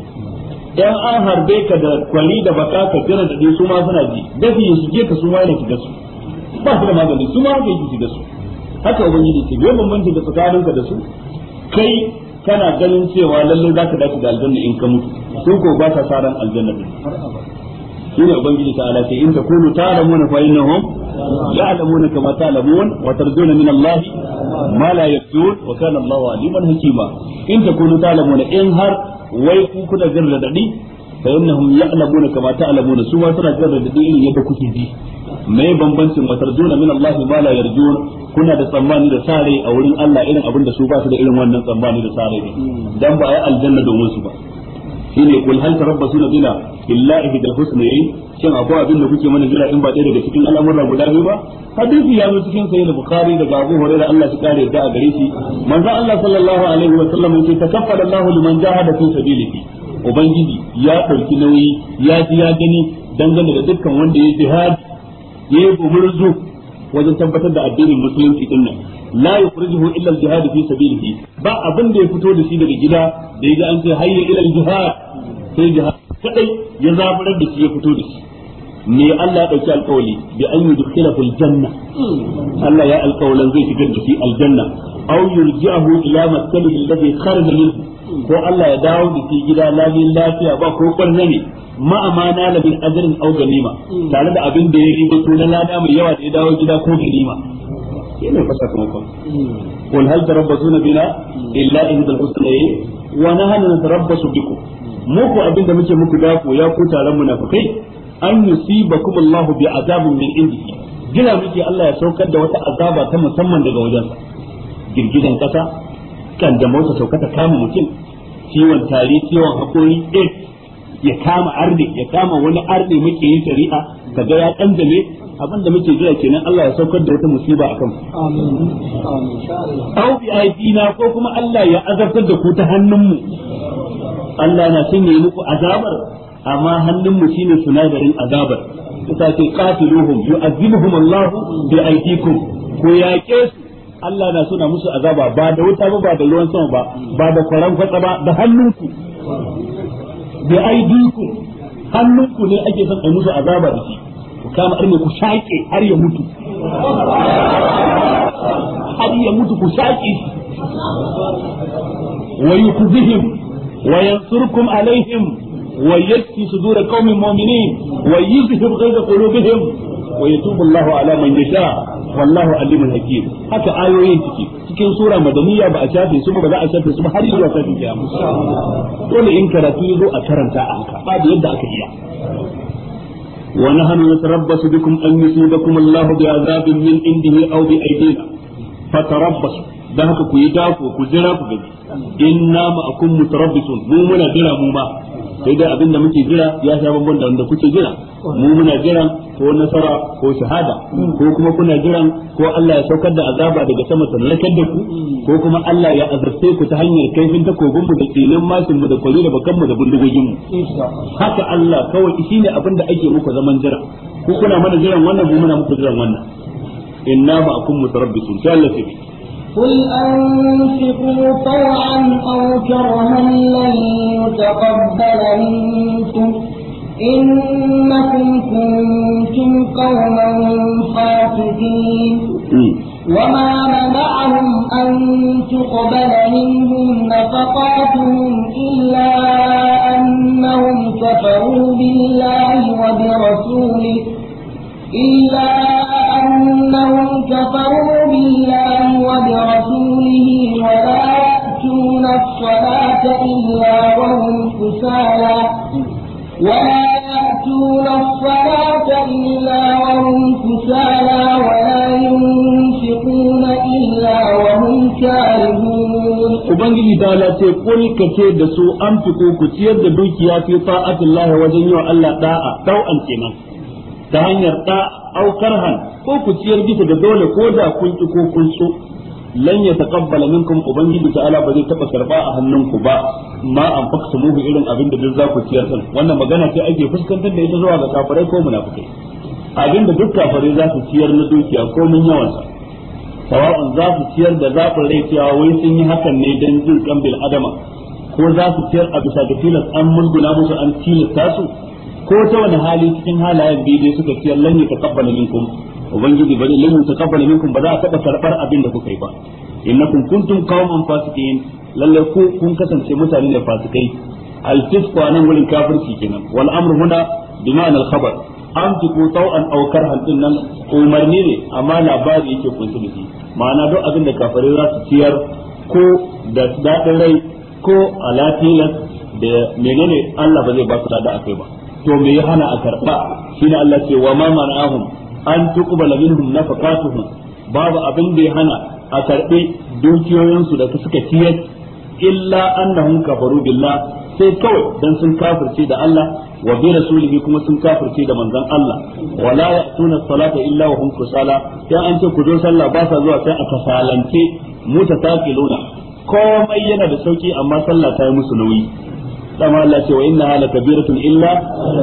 yan an harbe ka da kwali da baka ka jira da su ma suna ji dafi su je ka su ma yana da su ba su da magani su ma haka yake shiga su haka ubangiji ce me bambanci da tsakaninka da su kai kana ganin cewa lalle za ka dace da aljanna in ka mutu su ko ba ta saran aljanna din shine ubangiji ta ala ce in ta kunu ta'lamuna fa innahum ya'lamuna kama ta'lamun wa tarjuna min Allah ma la yaqul wa kana Allahu aliman hakima in ta kunu ta'lamuna in har wai ku kuna jin radadi fa innahum ya'lamuna kama ta'lamuna su ma suna jin radadi irin yadda kuke ji me bambancin matarjuna min Allah ma la yarjun kuna da tsammani da sare a wurin Allah irin abin da su ba su da irin wannan tsammani da sare ne dan ba ai aljanna domin su ba shine kul hal tarabbasuna bina illa ihdal husnayn shin akwai abin da kuke mana jira in ba ɗaya daga cikin al'amuran guda biyu ba hadisi ya zo cikin sahih bukhari daga Abu Hurairah Allah shi kare da a gare shi manzo Allah sallallahu alaihi wa sallam yake takaffala Allah liman jahada fi sabilihi ubangiji ya dauki nauyi ya ji ya gani dangane da dukkan wanda ya jihad yayi gumurzu wajen tabbatar da addinin musulunci din nan la yukhrijuhu illa al-jihad fi sabilihi ba abin da ya fito da shi daga gida da yaji an ce hayya ila al-jihad sai jihad kadai ya zaburar da shi ya fito da shi me Allah ya dauki alƙawali bi an yudkhilahu al-janna Allah ya alƙawalan zai shigar da shi aljanna aw yurji'ahu ila maskanihi alladhi kharaja minhu ko Allah ya dawo da ke gida lamin lafiya ba ko kwanne ne ma amana la min ajrin aw ganima tare da abin da ya yi ko na lada mai yawa da ya dawo gida ko ganima yana fasa kuma ko wal hal tarabbasuna bina illa in dal husnayn wa nahnu natarabbasu bikum mu ko abin da muke muku dako ya ku taron munafikai an yusibakum Allah bi azabin min indihi gina muke Allah ya saukar da wata azaba ta musamman daga wajensa girgizan kasa iskan da sauka saukata kama mutum ciwon tari ciwon hakori ɗin eh, ya kama arne ya kama wani arne muke yi shari'a kaga ya kanjame abin da muke jira kenan Allah ya saukar da wata musiba a kan au bi aidina ko kuma Allah ya azabtar da ku ta hannunmu Allah na son yi muku azabar amma hannunmu shine sunadarin azabar Kusa ce qatiluhum yu'azibuhum Allah bi aidikum ko yaƙe su Allah na suna musu azaba ba da wuta ba ba da ruwan sama ba ba da kwaran kwatsa ba da hannunku da aidinku hannunku ne ake son ai musu azaba da shi ku kama arme ku shaƙe har ya mutu har ya mutu ku shaƙe wa yukzihim wa yansurkum alaihim ويكفي صدور قوم مؤمنين ويذهب غيظ قلوبهم ويتوب الله على من يشاء wallahu alimul hakim haka ayoyin ciki cikin sura madaniya ba a shafe su ba za a shafe su ba har zuwa sai kiyama dole in karatu yazo a karanta a haka ba da yadda aka iya wa nahnu natarabbasu bikum an yusibakum Allah bi'azabin min indihi aw bi aydina fatarabbasu dan haka ku yi dafo ku jira ku gaji inna ma'akum mutarabbisun mu muna jira mu ba sai dai abinda muke jira ya sha bambam da wanda kuke jira mu muna jiran ko nasara ko shahada ko kuma kuna jiran ko Allah ya saukar da azaba daga sama sallakar da ku ko kuma Allah ya azurce ku ta hanyar kaifin takobin mu da tsinin masin mu da kwari da bakan mu da bindigogin mu haka Allah kawai shine da ake muku zaman jira ko kuna mana jiran wannan mu muna muku jiran wannan inna ba'akum mutarabbisun sai Allah قل أنفقوا طوعا أو كرها لن يتقبل منكم إنكم كنتم قوما فاسقين وما منعهم أن تقبل منهم نفقاتهم إلا أنهم كفروا بالله وبرسوله إلا أنهم كفروا بالله وبرسوله ولا يأتون الصلاة إلا وهم كسالى ولا يأتون الصلاة إلا وهم كسالى ولا ينفقون إلا وهم كارهون Ubangiji ta lace kul kace da su an fiko ku ciyar da dukiya fi ta'atillahi wajen yi wa Allah da'a dau'an kenan ta hanyar da aukar han ko ku ciyar bisa da dole ko da kun ki ko kun so lan ya taqabbala minkum ubangiji ta'ala ba zai taba karba a hannunku ba ma an fakta muhu irin abin da duk za ku ciyar din wannan magana ce ake fuskantar da ita zuwa ga kafirai ko munafikai abin da duk kafirai za su ciyar na dukiya ko mun yawansa sawa'un za su ciyar da zaɓin rai cewa wai sun yi hakan ne don jin kan bil adama ko za su ciyar a bisa ga tilas an mulguna musu an tilasta su ko ta wani hali cikin halayen biyu dai suka ce lan yataqabbal minkum ubangiji bari lan minkum ba za a taba karbar abin da kuka yi ba innakum kuntum qauman fasiqin lalle ku kun kasance mutane da fasikai al-fisq nan wurin kafirci kenan wal amru huna bima'an al-khabar ko tau'an aw karhan din nan umarni ne amma labari yake kunshi da shi ma'ana duk abin da kafirai za su ciyar ko da dadin rai ko a da menene Allah ba zai ba su da akai ba to me ya hana a karba shine Allah ce wa ma mana'ahum an tuqbala minhum nafaqatuhum babu abin da ya hana a karbe dukiyoyinsu da suka ciyar illa annahum kafaru billah sai kawai dan sun kafirce da Allah wa bi rasulihi kuma sun kafirce da manzon Allah wala ya'tuna salata illa wa hum kusala dan an ce ku zo sallah ba sa zuwa sai a kasalance mutasaqiluna komai yana da sauki amma sallah ta yi musu nauyi dama Allah ce wa inna hala kabiratun illa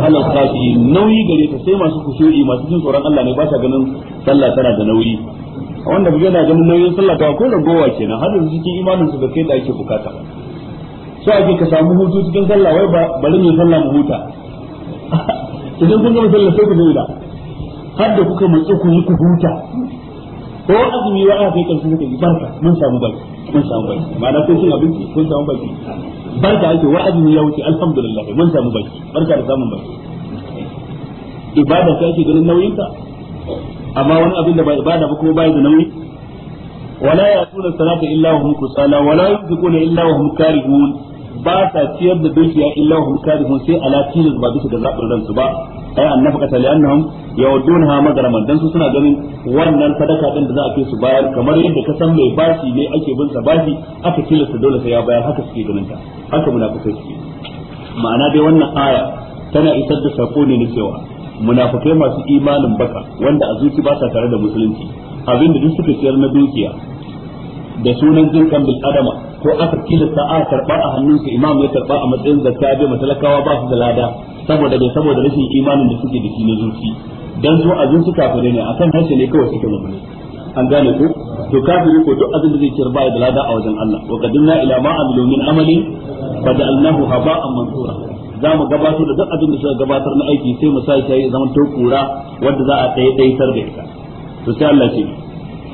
ala khashiin nauyi gare ta sai masu kusuri masu jin tsoron Allah ne ba sa ganin sallah tana da nauyi wanda bai yana ganin nauyin sallah ta ko ragowa kenan har da cikin imanin su da kai da ake bukata so ake ka samu hutu cikin sallah wai ba bari ne sallah mu huta idan kun gama sallah sai ku zo da har da kuka matsu ku yi ku huta ko azumi wa aka kai karshen kuka yi barka mun samu barka mun samu barka ma'ana kun cin abinci kun samu barki barka yake wa'azi ya wuce alhamdulillah mun samu baki barka da samun baki ibada ta ake ganin nauyin ta amma wani abin da ba ibada ba kuma bai da nauyi wala ya ya'tuna salata illa wa hum kusala wala yunfiquna illa wa hum karihun ba ta ciyar da dukiya illa wa hum karihun sai ala tilal ba bisa ga zabin ransu ba ay annafaka ta li'annahum yawdunha madraman dan su suna ganin wannan sadaka din da za a kai su bayar kamar yadda ka san mai bashi ne ake bin sa bashi aka su dole sai ya bayar haka suke ganin ta haka munafikai suke ma'ana dai wannan aya tana isar da sako ne na cewa munafikai masu imanin baka wanda a zuci ba sa tare da musulunci abinda duk suka ciyar na dukiya da sunan jin kan bil adama ko aka tilasta sa'a karba a su imam ya karba a matsayin zakka bai matalakawa ba su da lada saboda bai saboda rashin imanin da suke da shi na zuci dan zo a zuci kafirai ne akan harshe ne kawai suke mummuni an gane ko to kafiri ko duk abin da zai kirba da lada a wajen Allah wa qadimna ila ma amilu min amali fa ja'alnahu haba'an mansura za mu gabatar da duk abin da suka gabatar na aiki sai mu sa shi zaman to kura wanda za a tsaye daitar da ita to sai Allah ce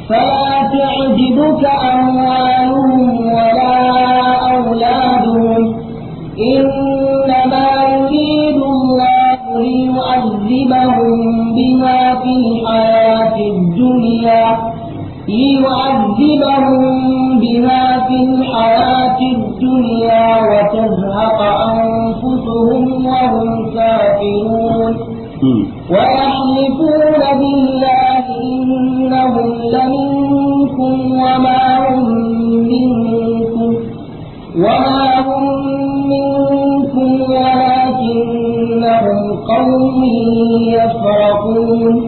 فلا تعجبك أموالهم ولا أولادهم إن يصيبهم بما في الحياة الدنيا ليعذبهم بما في الحياة الدنيا وتزهق أنفسهم وهم كافرون ويحلفون بالله إنهم لمنكم وما هم منكم وما هم منكم ولكنهم قوم يفرحون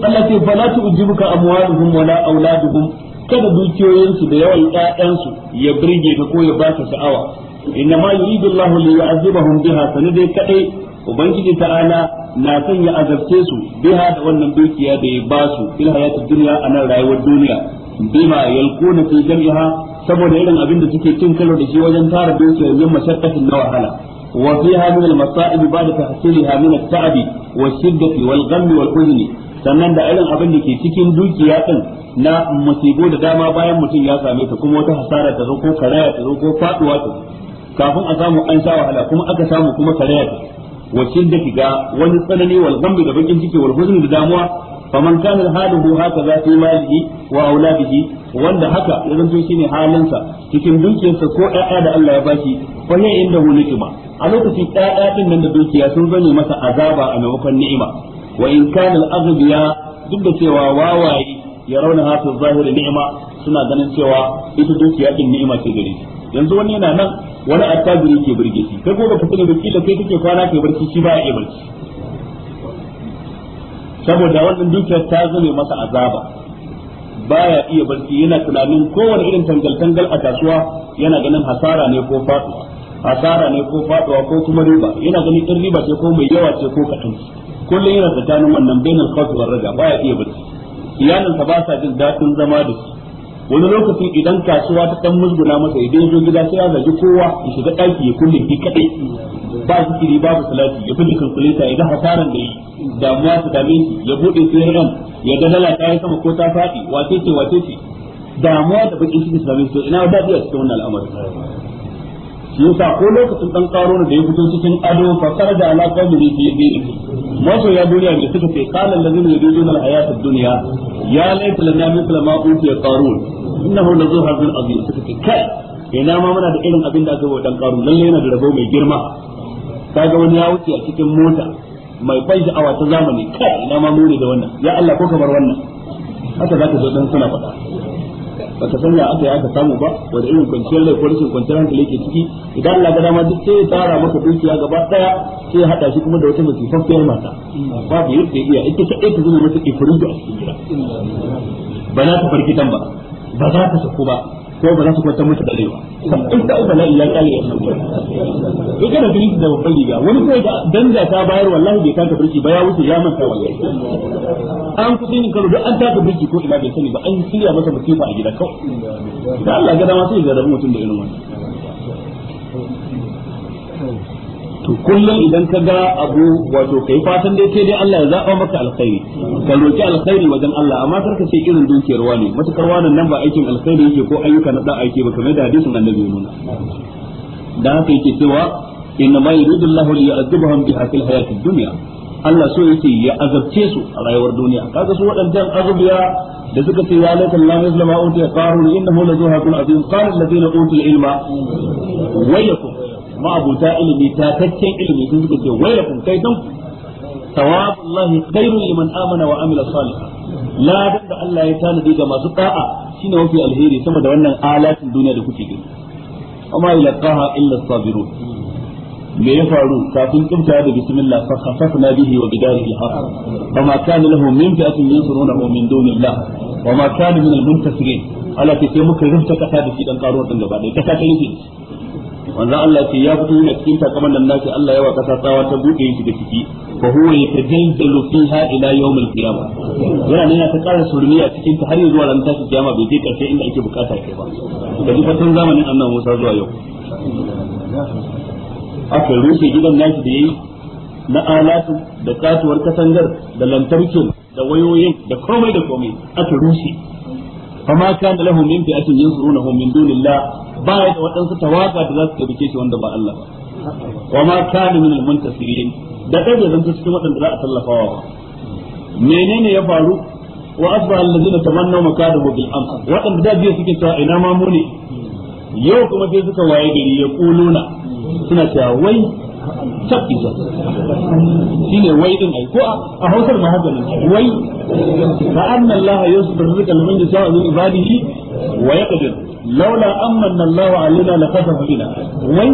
التي فلا تعجبك wala ولا أولادهم kada dukiyoyinsu da yawan ƴaƴansu ya birge ka koya ya ba ka sha'awa Ina ma yuridu Allahu li yu'azzibahum dai sanade kadai ubangiji ta'ala na son ya azarce su biha da wannan dukiya da ya ba su fil hayati dunya a nan rayuwar duniya bima yalquna fi jam'iha saboda irin abin da suke cin karo da shi wajen tara dukiyoyin mashakkatin na wahala wa fiha min al-masa'ib ba'da tahsiliha min at-ta'abi wa shiddati wal sannan da irin abin da ke cikin dukiya din na musibo da dama bayan mutum ya same ta kuma wata hasara ta zo ko karaya ta zo ko faduwa ta kafin a samu an sha wahala kuma aka samu kuma karaya ta wa shiddati ga wani tsanani wal ghammi da bakin ciki wal huzni da damuwa faman kana haluhu haka za fi malihi wa auladihi wanda haka ya zanto shine halinsa cikin dukiyarsa ko ƴaƴa da Allah ya bashi fa ya inda hu nikma a lokaci ɗaya ɗin nan da dukiya sun zame masa azaba a maimakon ni'ima wa in kana al duk da cewa wawaye ya rauna hafi zahiri ni'ima suna ganin cewa ita dukiya din ni'ima ce gare shi yanzu wani yana nan wani attajiri ke burge shi kai gobe ka sani baki da kai kake kwana kai barci shi baya iya barci saboda wannan dukiyar ta zame masa azaba baya iya barci yana tunanin kowane irin tangal tangal a kasuwa yana ganin hasara ne ko faɗuwa asara ne ko faduwa ko kuma riba yana ganin in riba ce ko mai yawa ce ko kaɗan kullum yana tsakanin wannan bainal khawf wal raja baya iya barci iyalinsa ba sa jin dadin zama da shi wani lokaci idan kasuwa ta dan musguna masa idan ya zo gida sai ya zargi kowa ya shiga daki ya kulle bi kadai ba zikiri babu salati ya fili kalkuleta idan hasaran da yi damuwa su dame shi ya bude sirran ya ga dala ta yi sama ko ta faɗi wace ce wace ce damuwa da bakin shi same shi ina da ya cikin wannan al'amari shi yasa ko lokacin dan karo da ya fito cikin ado fa kharaja ala qawmihi bi yadihi wato ya duniya da suka ce qala allazina yuriduna al-hayata ad-dunya ya laita lana mithla ma utiya qarun innahu lazu hazin azim suka ce kai ina ma muna da irin abin da aka wa dan karo lalle yana da rabo mai girma kaga wani ya wuce a cikin mota mai ban sha'awa ta zamani kai ina ma mure da wannan ya Allah ko kamar wannan haka zaka zo dan suna faɗa ba ta sanya aka yi aka samu ba wanda irin kwanciyar rai ko rashin kwanciyar hankali ke ciki idan Allah ga dama duk sai ya tara maka dukiya gaba daya sai ya hada shi kuma da wata musifaffiyar mata babu yadda iya ita ta ɗaya ta zama mata ifirin a cikin gida ba za ta farki ba ba za ta sako ba ko ba za su kwantar musu da rai ba sabbin da bala'i ya kale ya sauke ya da birki da babban riga wani ko da danja ta bayar wallahi bai kanta birki ba ya wuce ya manta wallahi an kuɗi ni karo an taka birki ko ina bai sani ba an shirya masa musifa a gida kawai da Allah ga dama sai ya zarabi mutum da irin wannan to kullum idan ka ga abu wato kai fatan dai kai dai Allah ya zaba maka alkhairi ka roki alkhairi wajen Allah amma kar ka ce irin dukiyar wani matukar wannan nan ba aikin alkhairi yake ko ayyuka na da aiki ba kamar da hadisin annabi nuna da haka yake cewa inna ma yuridu Allahu li yu'adhibahum biha fil hayatid dunya Allah so yake ya azabce su a rayuwar duniya kaga su waɗancan azubiya da suka ce ya laifin la muslima utiya qarun innahu la azim qala alladhina utul ilma wayyakum ma'abuta ilimi tataccen ilimi sun suka ce wailakum kai dan tawabullahi khairul liman amana wa amila salihan ladan da Allah ya tanadi ga masu da'a shine mafi alheri sama da wannan alatin duniya da kuke gani amma yalqaha illa sabirun me ya faru kafin kimta da bismillah fa khasafna bihi wa bidarihi al-ard wa ma kana lahu min fi'atin yansurunahu min dunillah wa ma kana min al-muntasirin ala sai muka rufta kasa da shi dan karo din gaba da kasa ta yi manzo Allah ce ya fito a cikin takaman nan nashi Allah yawa kasa tsawa ta buɗe shi da ciki fa huwa yatajaljalu fiha ila yawm al-qiyamah yana ne ta ƙara surmi a cikin ta har zuwa ran tashi kiyama bai je karshe inda ake bukata kai ba da duk fatan zamanin annabi Musa zuwa yau aka rushe gidan nashi da yayi na alatu da katuwar katangar da lantarkin da wayoyin da komai da komai aka rushe fama kana lahu min fi'atin yansurunahu min dunillah ba ya da waɗansu tawaga da za su tabbake shi wanda ba Allah wa ma kana da kai bai cikin waɗanda za a tallafawa menene ya faru wa asba allazina tamannaw makadahu bil amr waɗanda da biyu suke cewa ina ma mu ne yau kuma sai suka waye gari ya kuluna suna cewa wai shakki ba shi ne wai din ai ko a hausar ma haka ne wai fa anna Allah yusbiru rizqa liman yasha'u min ibadihi wa yaqdir laula amanna Allah alaina laqasafa bina wai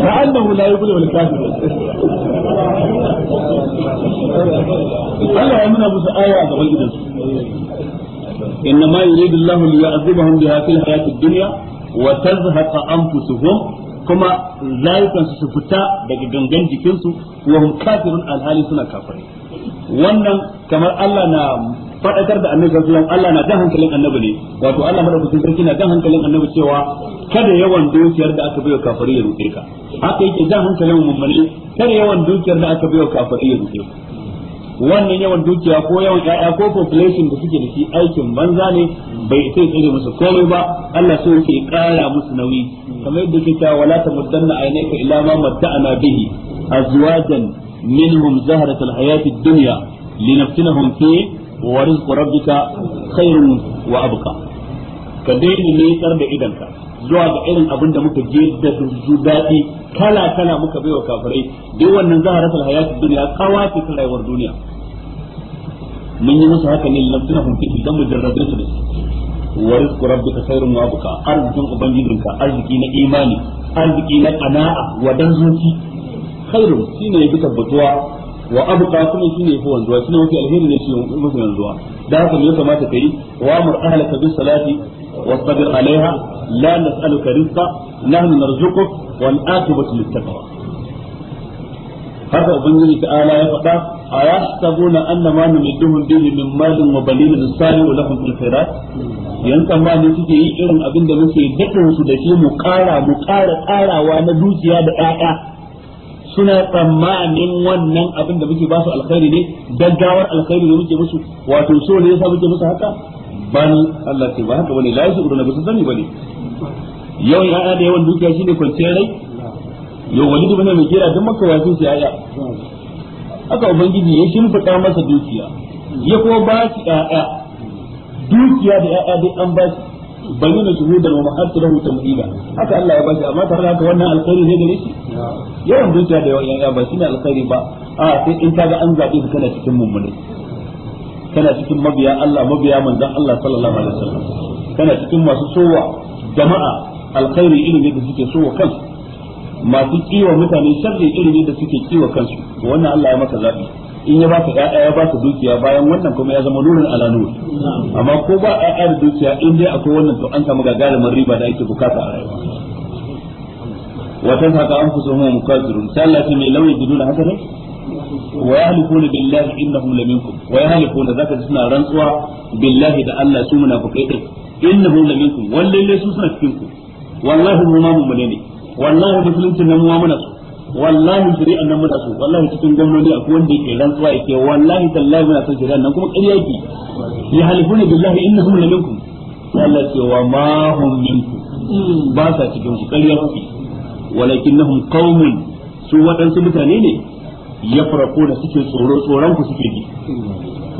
fa annahu la yuflihu al-kafirun Allah ya nuna musu aya ga wajidan إنما يريد الله ليعذبهم بها في الحياة الدنيا وتزهق أنفسهم kuma layukansu su fita daga gangan jikinsu wa hum kafirun alhali suna kafare wannan kamar Allah na fadakar da annabi sallallahu Allah na jan hankalin annabi ne wato Allah madaukakin sarki na jan hankalin annabi cewa kada yawan dukiyar da aka baiwa kafare ya rufe ka haka yake jan hankalin mummuni kada yawan dukiyar da aka baiwa kafare ya rufe ka wannan yawan dukiya ko yawan ƴaƴa ko population da suke da shi aikin banza ne bai sai tsare musu komai ba Allah so yake ƙara musu nauyi kamar yadda yake cewa wala tamuddanna aynaka ila ma matta'na bihi azwajan minhum zahrat alhayat ad-dunya linaftinahum fi wa rizqu rabbika khairun wa abqa ka daina da idanka zuwa ga irin abin da muka je da su daɗi kala kala muka baiwa kafirai duk wannan zaharat alhayat ad-dunya kawati rayuwar duniya mun yi musu haka ne su wa rizqu rabbika khairun wa abqa arzikin ubangijinka arziki na imani arziki na qana'a wa dan zuci khairun shine yafi tabbatuwa wa abqa kuma shine yafi wanzuwa shine mafi alheri ne shine mafi wanzuwa da haka ne kamata kai wa amur ahlaka bis salati wasbir alaiha la nas'aluka rizqa nahnu narzuquk wal aqibatu haka ubangiji ta'ala ya faɗa أيحسبون أن ما نمدهم به من مال وبنين نسارع لهم في الخيرات yan tsammanin suke yi irin abin da muke daɗin su da shi mu ƙara mu ƙara ƙarawa na dukiya da ƴaƴa suna tsammanin wannan abin da muke ba su alkhairi ne gaggawar alkhairi ne muke musu wato so ne yasa muke musu haka Bani Allah ce ba haka bane la yasu uruna bisu sani bane yawan ƴaƴa da yawan dukiya shine kwanciyar rai yau wani dubana mai kira duk maka wasu sai ƴaƴa haka ubangiji ya shimfiɗa masa dukiya ya kuma ba shi ƴaƴa dukiya da ƴaƴa duk an ba shi Bani na bayyana shuhudan wa mahasirahu tamdila haka Allah ya ba shi amma tare da haka wannan alkhairi ne gare shi yawan dukiya da yawan ƴaƴa ba shi ne alkhairi ba a sai in kaga an zaɓe ka kana cikin mummune kana cikin mabiya Allah mabiya manzon Allah sallallahu alaihi wasallam kana cikin masu sowa jama'a alkhairi irin yadda suke sowa kansu masu kiwa mutane sharri ilimi da suke kiwa kansu wannan Allah ya maka zabi in ya baka ƴaƴa ya baka dukiya bayan wannan kuma ya zama nurin ala nur amma ko ba ƴaƴa da dukiya in dai akwai wannan to an samu gagarumin riba da ake bukata a rayuwa wa tanhaka anfusuhum mukazirun sai Allah ya mai lawi biduna haka ne wa yahlifuna billahi innahum laminkum wa yahlifuna zaka suna rantsuwa billahi da Allah su munafikai din innahum laminkum wallahi sun suna cikin ku wallahi mu ma mu ne wallahi musulunci nan mu muna su. wallahi shari'an nan muna su. wallahi cikin gwamnati akwai wanda yake rantsuwa yake wallahi tallahi muna so shari'an nan kuma ƙarya yake ya halifuna billahi innahum la minkum Allah ce wa ma hum minkum ba sa cikin su ƙarya kuke walakinnahum qaumun su waɗansu mutane ne ya farko da suke tsoro tsoron ku suke ji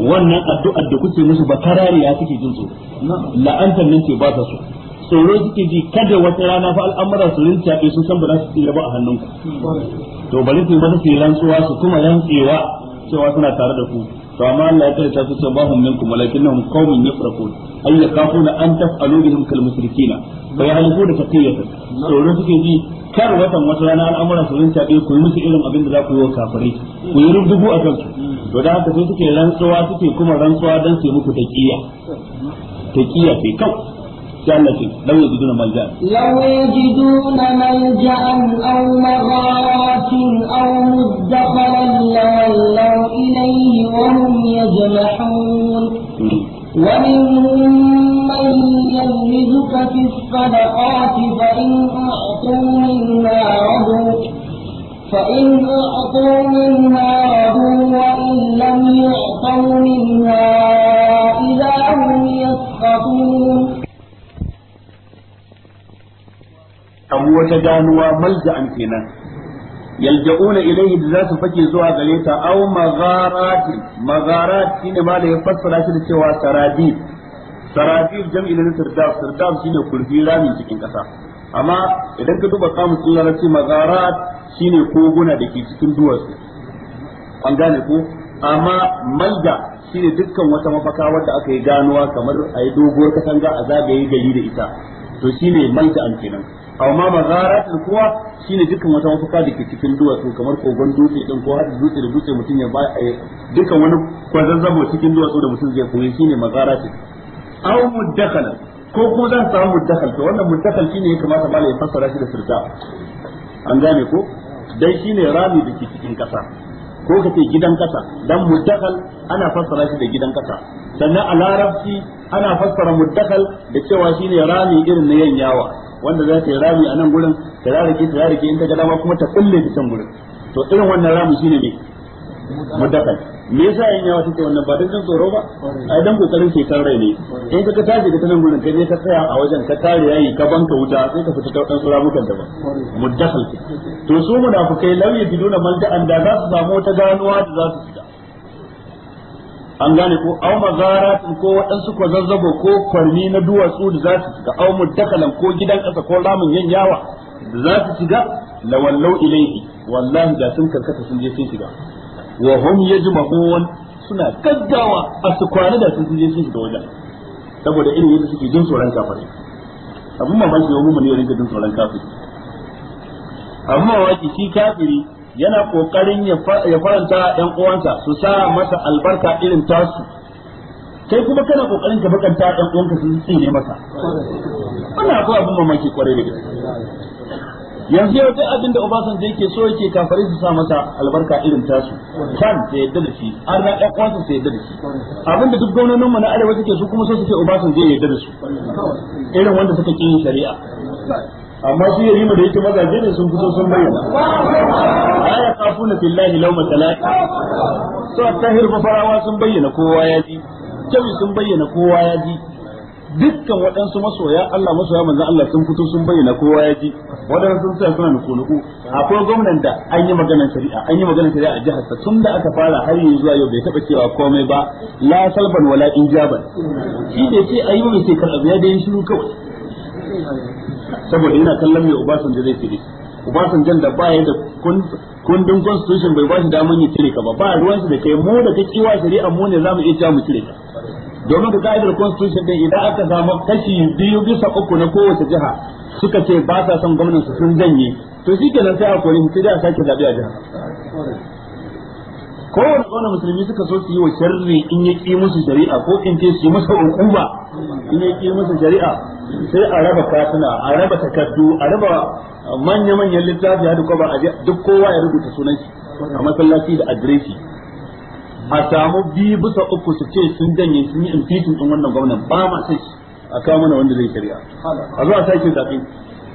wannan addu'ar da kuke musu ba karariya suke jin tsoro la'antar nan ce ba sa so tsoro suke ji kada wata rana fa al'amura su rinta sun san ba za su tsira ba a hannunka to bari su ba su yi rantsuwa su kuma rantsewa cewa suna tare da ku to amma Allah ya kare ta su ba hum minkum walakinnahum qaumun yafraqun ay yakafuna an taf'alu bihim kal musrikina fa yahliku da taqiyata tsoro suke ji kar watan wata rana al'amura su rinta bi ku yi musu irin abin da za ku yi wa kafirai ku yi rubugu a kansu to da haka sai suke rantsuwa suke kuma rantsuwa dan su yi muku taqiya taqiya sai kawai جالتي لو يجدون ملجأ لو يجدون ملجأ أو مغارات أو مدخلا لولوا إليه وهم يجمحون ومنهم من يلمزك في الصدقات فإن أعطوا منها رضوا فإن أعطوا منها رضوا وإن لم يعطوا منها Abu wata ganuwa malja'an kenan yalja'una ilayhi da za su fake zuwa gare ta aw magharati magharat shine ma da ya fassara shi da cewa saradib saradib jam'i ne sirdab sirdab shine kurfi ramin cikin kasa amma idan ka duba kamus din ce magharat shine koguna da ke cikin duwatsu an gane ko amma malja shine dukkan wata mafaka wadda aka yi ganuwa kamar a yi doguwar katanga a zagaye gari da ita to shine malja an kenan amma da kuwa shine dukkan wata mafuka da ke cikin duwatsu kamar kogon dutse din ko har dutse da dutse mutum ya ba eh, dukkan wani kwazazzabo cikin duwatsu da mutum zai koyi shine mazaratul aw muddakhala ko ko zan samu muddakhal to wannan muddakhal shine ya kamata malai ya fassara shi da sirta an gane ko dai shine rami da ke cikin kasa ko ka ce gidan kasa dan muddakhal ana fassara shi da gidan kasa sannan a larabci ana fassara muddakhal da cewa shine rami irin na yanyawa wanda za ta yi rami a nan gurin ta rarrake ta rarrake in ta ga dama kuma ta kulle ta can gurin to irin wannan rami shine ne mudakkal me yasa yin yawa take wannan ba dan tsoro ba ai dan kokarin kan rai ne in ka tashi ta nan gurin kai ne ka tsaya a wajen ka tare yayi ka banka wuta sai ka fita ta dan tsura mukan da ba mudakkal to su da kai yajiduna malta an da za su samu ta ganuwa da za su an gane ko aw mazaratun ko waɗansu ko zazzabo ko kwarmi na duwatsu da za su shiga aw mutakalan ko gidan ƙasa ko ramin yanyawa da za su shiga wallau ilaihi wallahi da sun karkata sun je sun shiga wa hum yajma'un suna gaggawa a su kwana da sun je sun shiga wajen saboda irin yadda suke jin tsoron kafare abun mamaki wa mu ne rinka jin tsoron kafiri amma waki shi kafiri yana kokarin ya faranta ɗan uwansa su sa masa albarka irin tasu kai kuma kana kokarin ka bakanta ɗan uwanka su tsine masa wannan akwai abin mamaki kwarai da gaske yanzu yau duk abin da Obasanjo yake so yake kafare su sa masa albarka irin tasu kan ta yadda da shi an na ɗan uwansa ta yadda da shi abin da duk gwamnonin mu na arewa suke su kuma so suke Obasan zai yadda da su irin wanda suka kiyaye shari'a amma su yarima da yake mazaje ne sun fito sun bayyana aya kafuna billahi lawma talaq so tahir fa farawa sun bayyana kowa ya ji kai sun bayyana kowa ya ji dukkan waɗansu masoya Allah masoya manzo Allah sun fito sun bayyana kowa ya ji waɗansu sun tsaya suna nuku akwai gwamnati da an yi maganar shari'a an yi maganar shari'a a jihar tun da aka fara har yanzu zuwa yau bai taɓa cewa komai ba la salban wala injaban shi ne sai ayi sai kar da yin shiru kawai saboda yana kallon mai da zai ubasan jan da baya da kundin constitution bai ba shi damar ya cire ka ba ba ruwan su da kai mu da kake wa shari'a mu ne zamu iya cewa mu cire ka domin ka ka'idar constitution din idan aka samu kashi biyu bisa uku na kowace jiha suka ce ba sa son gwamnan su sun janye to shi sai a kori sai a sake zabe a jiha kowane kawai musulmi suka so su yi wa sharri in ya ƙi musu shari'a ko in ce su yi musu hukuma in ya ƙi musu shari'a sai a raba katuna a raba takardu a raba manya-manyan littafi duk kwaba a duk kowa ya rubuta sunan shi a masallaci da adireshi a samu biyu bisa uku su ce sun janye sun yi impeachin din wannan gwamnan ba ma sai shi a kawo mana wanda zai shari'a a zuwa sake zaɓe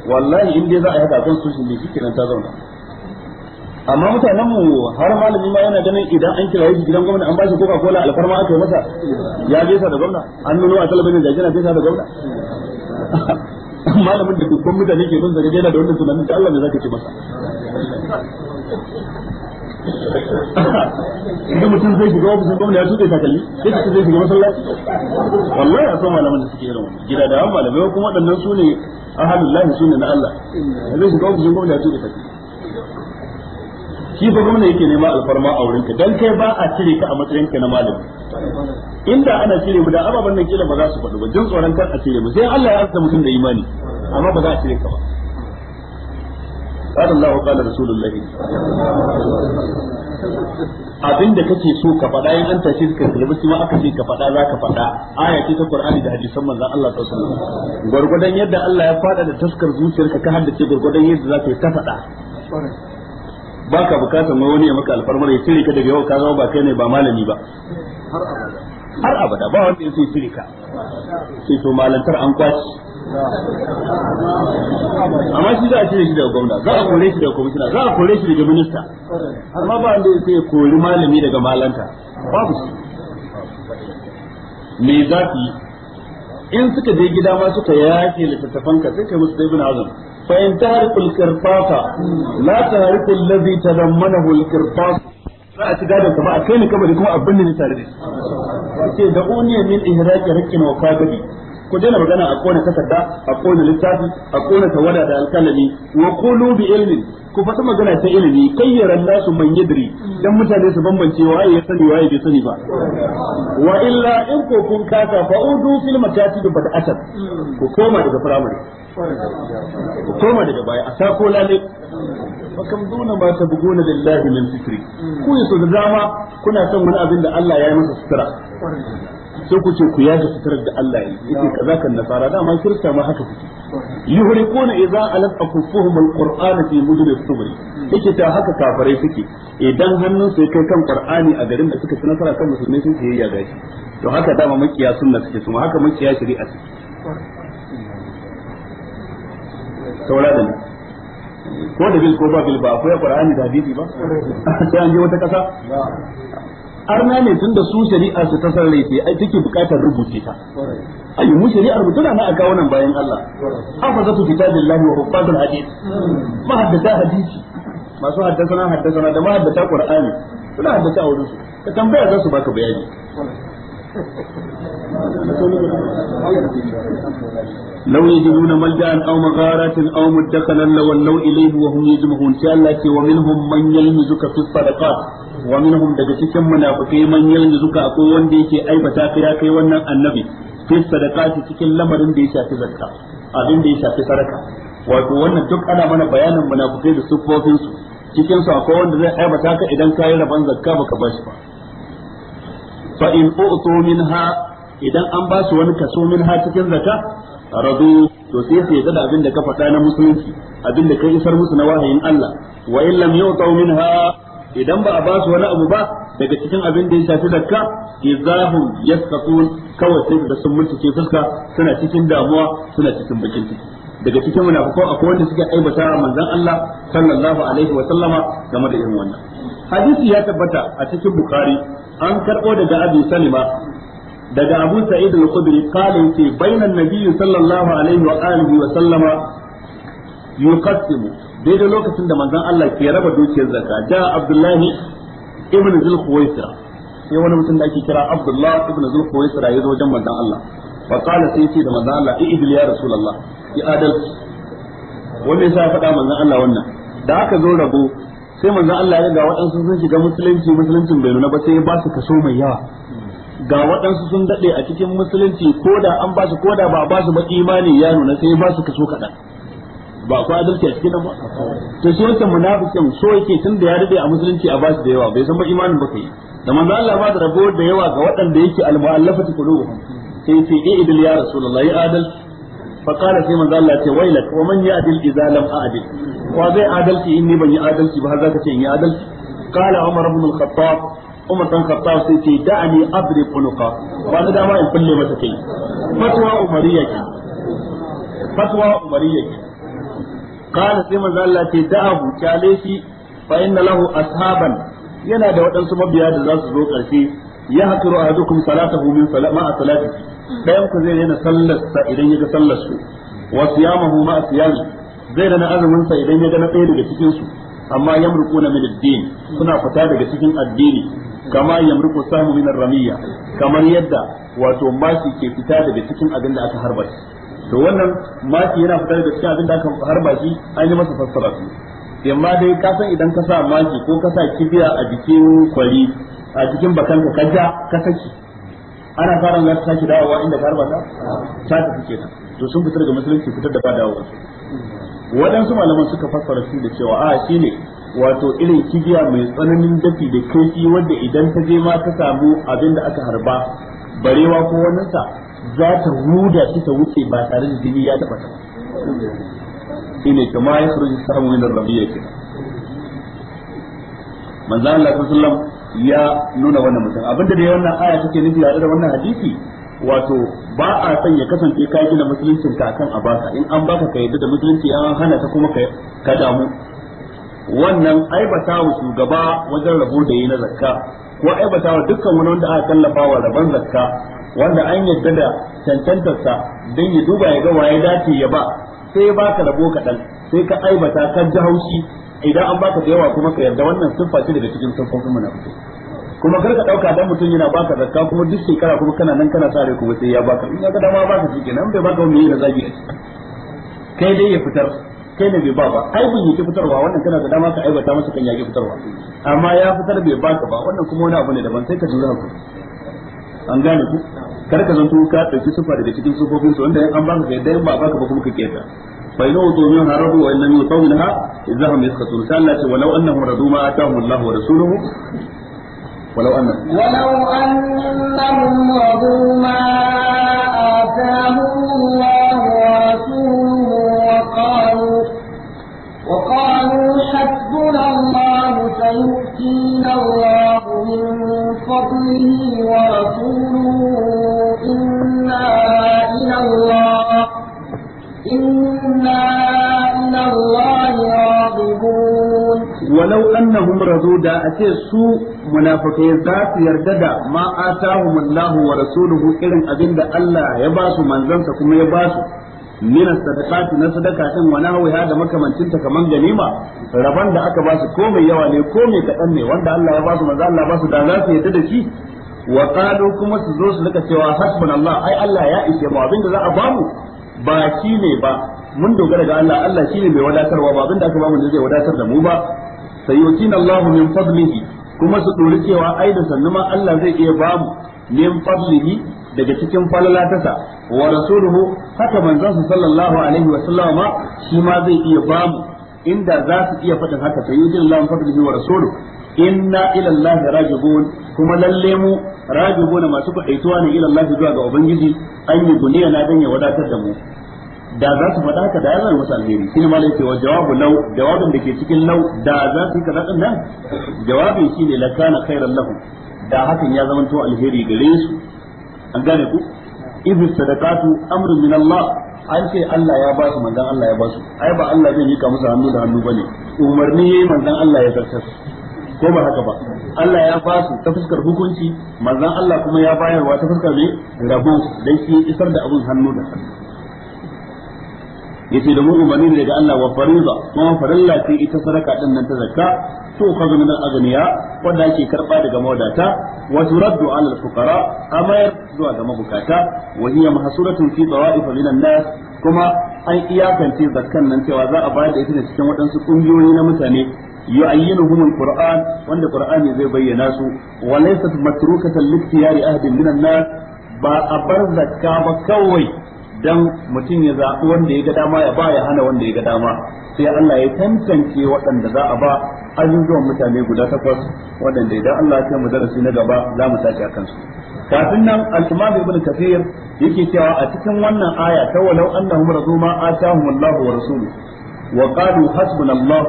wallahi in dai za a yi haka constitution ne kenan ta zauna amma mutanen mu har malami ma yana ganin idan an kira shi gidan gwamnati an ba shi koka kola alfarma aka yi masa ya je da gwamna an nuno a talabijin da gina fesa da gwamna malamin da dukkan mutane ke bin zargi yana da wannan tunanin da Allah ne zaka ce masa idan mutum zai shiga ofisin gwamna ya tuke takalmi sai ka zai shiga masallaci wallahi a san malamin da suke irin wannan gida da malamai kuma waɗannan su ne ahalullahi su ne na Allah zai shiga ofisin gwamna ya tuke takalmi shi fa gwamna yake nema alfarma a wurin ka dan kai ba a cire ka a matsayin ka na malami inda ana cire mu da ababen nan kila ba za su faɗu ba jin tsoron kar a cire mu sai Allah ya azza mutum da imani amma ba za a cire ka ba قال الله قال رسول الله kake so ka faɗa in an tashi ka kalbi shi ma aka ce ka faɗa za ka faɗa aya ce da hadisan manzon Allah sallallahu alaihi wasallam yadda Allah ya faɗa da taskar zuciyarka ka haddace gurgudan yadda za ta faɗa baka bukatar mai wani ya maka alfarmar ya cire ka daga yau ka zama ba kai ne ba malami ba har abada ba wanda ya sai cire ka sai to malantar an kwaci amma shi za a cire shi daga gwamna za a kore shi daga kwamishina za a kore shi daga minista amma ba wanda ya sai kori malami daga malanta babu shi me za in suka je gida ma suka yafe littattafanka sai kai musu ibn azam فإن تهرق الكرطاس لا تهرق الذي تضمنه الكرطاس فأتي قادة كما أكين كما لكم أبنى نتالي sai da uniya min ihraqi rikin wa fagadi ku daina magana a kona takarda a kona littafi a kona tawada da alkalami wa qulu ku faɗi magana ta ilimi kayyara nasu man yadri dan mutane su bambance waye ya sani waye bai sani ba wa illa in ko kun kasa fa udu fil bada asar ku koma daga firamare ku koma daga baya a sako lale kam duna ma buguna lillahi min fikri ku yaso da dama kuna son wani abin da Allah ya yi masa sutura sai ku ce ku yaga suturar da Allah yi yake kaza kan nasara dama kirista ma haka suke yuhriquna idza alat akufuhum alquran fi mujud as-subri yake ta haka kafirai suke idan hannun su kai kan qur'ani a garin da suka ci nasara kan musulmi sun yi yaga shi to haka dama makiya sunna suke kuma haka makiya shari'a suke saura da ni ko da bil ko ba bil ba akwai qur'ani da hadisi ba sai an je wata kasa arna ne tun da su shari'a su ta sarrai sai ai take bukatar rubuce ta ai mu shari'ar mu tana na aka wannan bayan Allah hafazatu kitabillahi wa hubbadul hadith ma haddata hadisi masu haddasa haddasa da ma haddata qur'ani suna haddata a wurin su ka tambaya za su baka bayani لو يجدون ملجأ أو مغارة أو مدخلا لولوا إليه وهم يجمعون شاء الله ومنهم من يلمزك في الصدقات wa daga cikin munafikai man yanzuka akwai wanda yake aibata ka ya kai wannan annabi fi sadaqati cikin lamarin da ya shafi zakka abin da ya shafi saraka wato wannan duk ana mana bayanin munafikai da sufofin su cikin su akwai wanda zai aibata ka idan ka yi rabon zakka baka ba shi ba fa in utu minha idan an ba su wani kaso minha cikin zakka radu to sai su yadda da abin da ka faɗa na musulunci abin da ka isar musu na wahayin Allah wa in lam yu'tu minha idan ba a ba su wani abu ba daga cikin abin da ya shafi zakka izahum yaskatun kawai sai da sun murtace fuska suna cikin damuwa suna cikin bakin ciki daga cikin munafiqan akwai wanda suke aibata manzon Allah sallallahu alaihi wa sallama game da irin wannan hadisi ya tabbata a cikin bukhari an karbo daga abi salima daga abu sa'id al-khudri qala yace bainan nabiyyi sallallahu alaihi wa alihi wa sallama yuqaddimu daidai lokacin da manzon Allah ke raba dukiyar zakka da Abdullahi ibn Zulkhuwaisra sai wani mutum da ake kira Abdullah ibn Zulkhuwaisra ya zo wajen manzon Allah fa qala sai ce da manzon Allah i'dil ya rasulullah ya adal wanda yasa ya faɗa manzon Allah wannan da aka zo rabo sai manzon Allah ya ga waɗansu sun shiga musulunci musuluncin bai nuna ba sai ya ba su kaso mai yawa ga waɗansu sun daɗe a cikin musulunci ko da an ba su ko da ba a ba su ba imani ya nuna sai ya ba su kaso kaɗan ba akwai adalci a cikin nan ba to shi wannan munafikin so yake tun da ya dade a musulunci a bashi da yawa bai san ba imanin ba kai da manzo Allah ba da rabo da yawa ga waɗanda yake almu'allafati qulubuhum sai yace eh idil ya rasulullahi adal fa qala sai manzo Allah ce wailak wa man ya'dil idza lam a'dil wa zai adalci in ni ban yi adalci ba har zaka ce in yi adalci qala umar ibn al-khattab umar dan khattab sai ce da'ani abri qunuqa ba da dama in kulle mata kai fatwa umariya ke fatwa umariya qala sai manzo Allah ce da'ahu kyale shi lahu ashaban yana da waɗansu mabiya da za su zo ƙarshe ya hakiru ahadukum salatahu min salama a salati dayan ku zai yana sallar sa idan ya ga sallar su wa siyamahu ma siyami zai rana azumin sa idan ya ga na ɗaya daga cikin su amma yamruquna min ad suna fita daga cikin addini kama yamruqu samu min ar-ramiyya kamar yadda wato masi ke fita daga cikin abin da aka harba to wannan maki yana fitar da cikin abin da aka harba shi an yi masa fassara su amma dai ka san idan ka sa maki ko ka sa kibiya a jikin kwari a jikin bakanka ka ja ka saki ana fara za ta sake dawowa inda ka harba ta ta tafi kenan to sun fitar da musulunci fitar da ba dawowa waɗansu malaman suka fassara shi da cewa a shi ne wato irin kibiya mai tsananin dafi da kaifi wanda idan ta je ma ta samu abin da aka harba barewa ko waninsa za ta huda shi ta wuce ba tare da jini ya taba ta ne kuma ya surji samu rabi ya ke manzan Allah sallallahu ya nuna wannan mutum abinda da wannan aya take nufi da wannan hadisi wato ba a san ya kasance ka gina musuluncin ka kan abaka in an baka ka yadda da musulunci an hana ta kuma ka damu wannan aibata wa shugaba wajen rabo da yi na zakka ko aibata wa dukkan wani wanda aka tallafa wa rabon zakka wanda an yadda da cancantarsa don ya duba ya ga waye dace ya ba sai ya baka rabo kaɗan sai ka aibata kan ji haushi idan an baka da yawa kuma ka yarda wannan siffa ce daga cikin siffofin munafiki kuma kar ka dauka dan mutum yana baka zakka kuma duk shekara kuma kana nan kana sare kuma sai ya baka in ya ga dama baka shikenan bai baka wani yana zagi a ciki kai dai ya fitar kai ne bai ba ba ai bin yake fitarwa wannan kana da dama ka aibata masa kan yake fitarwa amma ya fitar bai baka ba wannan kuma wani abu ne daban sai ka jira ku an gane ku kar ka zanto ka dauki sufa daga cikin sufofin su wanda an baka kai dan ba baka ba kuma ka keta fa ina wato min harabu wa illam yutawu laha idahum yaskatun sai Allah ce walau annahum radu ma atahum Allah wa rasuluhu ولو أن ولو annahum radu da a ce su munafikai za su yarda da ma atahum Allah wa rasuluhu irin abin Allah ya ba su manzansa kuma ya ba su min sadaqati na sadaka din wa nahwiha da makamancin ta kaman ganima rabon da aka ba su ko mai yawa ne ko mai kadan ne wanda Allah ya ba su manzo Allah ba su da za su yarda da shi wa qalu kuma su zo su rika cewa hasbunallah ai Allah ya ishe mu abin da za a ba mu ba shi ne ba mun dogara ga Allah Allah shine mai wadatarwa ba abinda aka bamu ne zai wadatar da mu ba sayutina Allahu min fadlihi kuma su dori cewa ai da sannu ma Allah zai iya bamu min fadlihi daga cikin falala tasa wa rasuluhu haka manzon sa sallallahu alaihi wa sallama shi ma zai iya mu inda za su iya faɗin haka sayutina Allahu min fadlihi wa rasuluhu inna ila Allah rajibun kuma lalle mu rajibuna masu kwaɗaituwa ne ila Allah zuwa ga ubangiji an yi guniya na dan ya wadatar da mu da za su faɗa haka da ya zama musu alheri shine ma lai wa jawabu lau jawabin da ke cikin lau da za su yi kaza din nan jawabin shine la kana khairan lahum da hakan ya zama to alheri gare su an gane ku idh sadaqatu amrun min Allah an ce Allah ya ba su manzon Allah ya ba su ai ba Allah zai mika musu hannu da hannu bane umarni yayi manzon Allah ya zartar ko ba haka ba Allah ya ba su ta fuskar hukunci manzon Allah kuma ya bayarwa ta fuskar ne rabo dan shi isar da abun hannu da hannu yace da umarni ne daga Allah wa fariza kuma farilla ce ita sadaka din nan ta zakka to ka zo nan aganiya wanda ake karba daga mawadata wa turaddu ala al amayar zuwa ga mabukata wa hiya mahsuratun fi dawa'if minan nas kuma an iyakance zakkan nan cewa za a bayar da ita ne cikin waɗansu ƙungiyoyi na mutane يعينهم القرآن وأن القرآن زي بيناس وليست متروكة لاختيار ahadin minan nas, ba a bar zakka ba kawai dan mutum ya zaɓi wanda ya ga dama ya ba ya hana wanda ya ga dama sai Allah ya tantance waɗanda za a ba azuzuwan mutane guda takwas waɗanda idan Allah ya mu darasi na gaba za mu sake akan su kafin nan al-Imam Ibn Kathir yake cewa a cikin wannan aya ta walau annahum radu ma atahum Allah wa rasuluhu wa qalu hasbuna Allah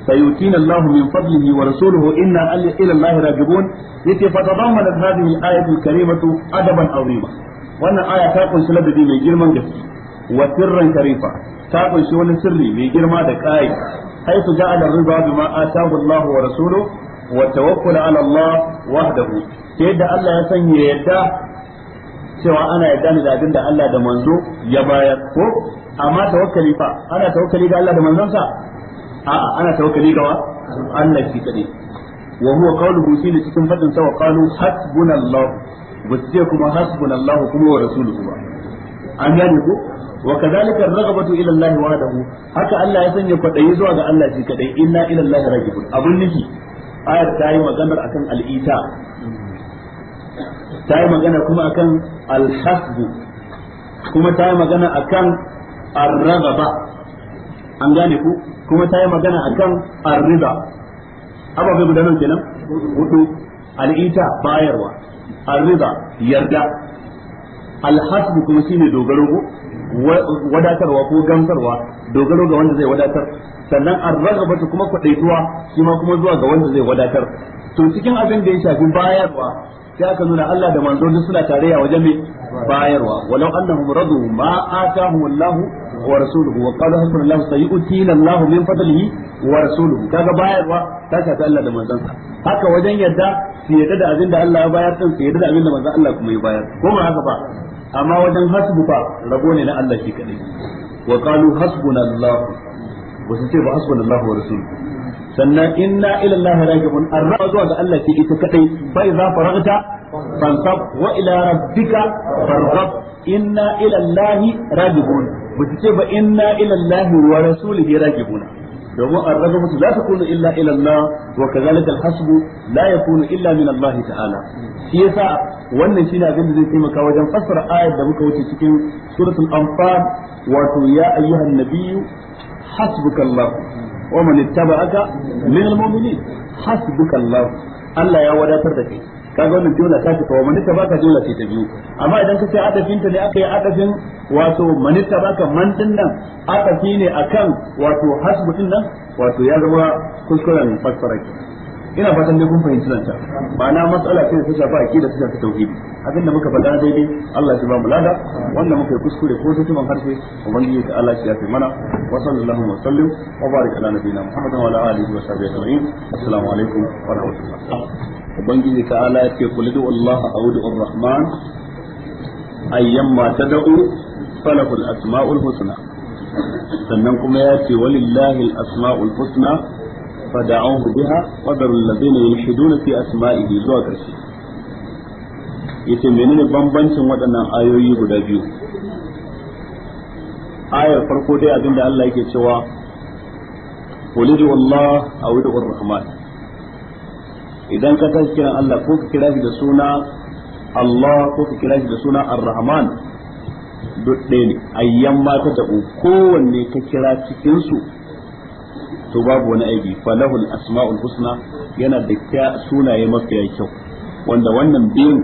سيؤتينا الله من فضله ورسوله إنا إلى الله راجعون يتفتضمنت هذه الآية الكريمة أدبا عظيما wannan aya ta kunshi ladabi mai girman gaske wa sirran karifa ta kunshi wani sirri mai girma da kai haitu ja'ala riba bima atahu Allah wa rasuluhu wa tawakkul ala Allah wahdahu yadda Allah ya sanya yadda cewa ana yadda ne da abin da Allah da manzo ya bayar ko amma tawakkali fa ana tawakkali ga Allah da manzonsa a'a ana tawakkali ga Allah shi kadai wa huwa qawluhu shi ne cikin fadin sa wa qalu hasbunallahu ba su ce kuma hasbunallahu kuma wa rasuluhu ba an gane ko wa kadhalika ar-raghabatu ila Allah wahdahu haka Allah ya sanya kwadayi zuwa ga Allah shi kadai inna ila Allah raghibun abun nufi ayar ta yi magana akan al-ita ta yi magana kuma akan al-hasb kuma ta yi magana akan ar-raghaba an gane ku kuma ta yi magana akan ar-rida ababai guda nan kenan hudu al-ita bayarwa arriba yarda alhasb kuma shine dogaro ko wadatarwa ko gamsarwa dogaro ga wanda zai wadatar sannan arragabatu kuma kwadaituwa shi kuma zuwa ga wanda zai wadatar to cikin abin da ya shafi bayarwa sai aka nuna Allah da manzo duk suna tarayya wajen mai bayarwa walau annahum radu ma atahum wa rasuluhu wa qala hasbuna Allah sayu'tina Allah min fadlihi wa rasuluhu kaga bayarwa ta shafi Allah da manzon sa haka wajen yadda su yadda da abinda Allah ya bayar din su yadda da abinda manzon Allah kuma ya bayar ko ma haka ba amma wajen hasbu ba rabo ne na Allah shi kadai wa qalu hasbuna Allah ba su ce ba hasbuna Allah wa rasuluhu sannan inna ila Allah bai za faragta fansab wa ila inna ila Allah ba su ce ba inna ila Allah wa rasulihi raji'un domin arrabatu la takunu illa ila wa kadhalika al-hasbu la yakunu illa min Allah ta'ala shi yasa wannan shine abin da zai taimaka wajen fassara ayar da muka wuce cikin suratul anfal wato ya ayyuhan nabiyyu hasbuka Allah wa man ittaba'aka min al-mu'minin Allah ya wadatar da kai ga wannan jumla ta ce wa manita baka jumla sai ta biyu amma idan ka ce adafin ta ne aka yi adafin wato manita baka man din nan fi ne akan wato hasbu din nan wato ya zama kuskuren fassara ki ina fatan dai kun fahimci nan ta na matsala ce ta shafa akida ta shafa tauhidi abin da muka faɗa daidai Allah ya ba mu lada wanda muka yi kuskure ko ta tuman harshe ubangiji ta Allah ya fi mana wa sallallahu wa sallim wa barik ala nabiyina muhammadin wa ala alihi wa sahbihi ajma'in assalamu alaikum wa rahmatullah ubangiji ta ala ya ce kul Allah a du Rahman ayyamma tad'u falahul asma'ul husna sannan kuma ya ce walillahi asmaul husna fad'uhu biha wa darul ladina yulhiduna fi asma'ihi zuwa karshe yace menene bambancin waɗannan ayoyi guda biyu ayar farko dai abinda Allah yake cewa qul Allah a du Rahman idan ka tashi kiran Allah ko ka kira shi da suna Allah ko ka kira shi da suna Ar-Rahman duk ɗaya ne ayyan ma ta tabu kowanne ka kira cikin su to babu wani aibi falahul asma'ul husna yana da kya sunaye mafi kyau wanda wannan biyun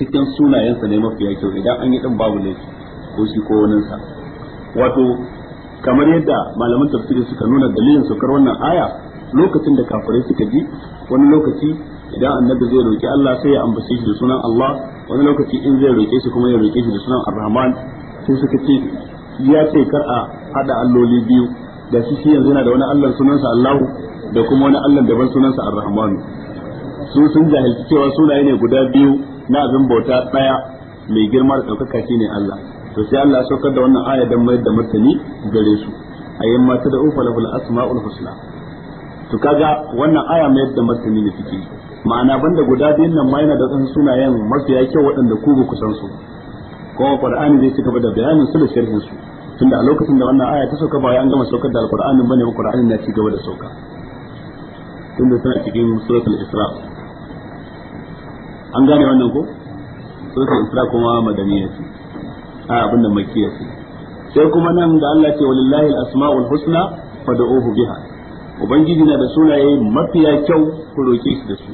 cikin sunayensa ne mafi kyau idan an yi din babu laifi ko shi ko wani sa wato kamar yadda malaman tafsiri suka nuna dalilin kar wannan aya lokacin da kafirai suka ji wani lokaci idan annabi zai roki Allah sai ya ambace shi da sunan Allah wani lokaci in zai roke shi kuma ya roke shi da sunan Ar-Rahman sai suka ce ya ce kar a hada alloli biyu da shi shi yanzu yana da wani Allah sunansa Allahu da kuma wani Allah daban sunansa Ar-Rahman su sun jahilci cewa sunaye ne guda biyu na abin bauta daya mai girma da ɗaukaka ne Allah to sai Allah ya saukar da wannan aya don mayar da martani gare su yamma ta da ufa lahul asma'ul husna to kaga wannan aya mai yadda martani ne suke ma'ana banda guda biyun nan ma yana da wasu sunayen mafiya kyau waɗanda ku ba ku san su kuma qur'ani zai ci gaba da bayanin su da sharhin su tunda a lokacin da wannan aya ta sauka ba an gama saukar da alqur'anin bane ba qur'anin na ci gaba da sauka tunda suna cikin suratul isra an gane wannan ko suratul isra kuma madaniya ce a abin da makkiya ce sai kuma nan da Allah ce walillahi al-asma'ul husna fad'uhu biha ubangiji na da sunaye mafiya kyau ku roke shi da su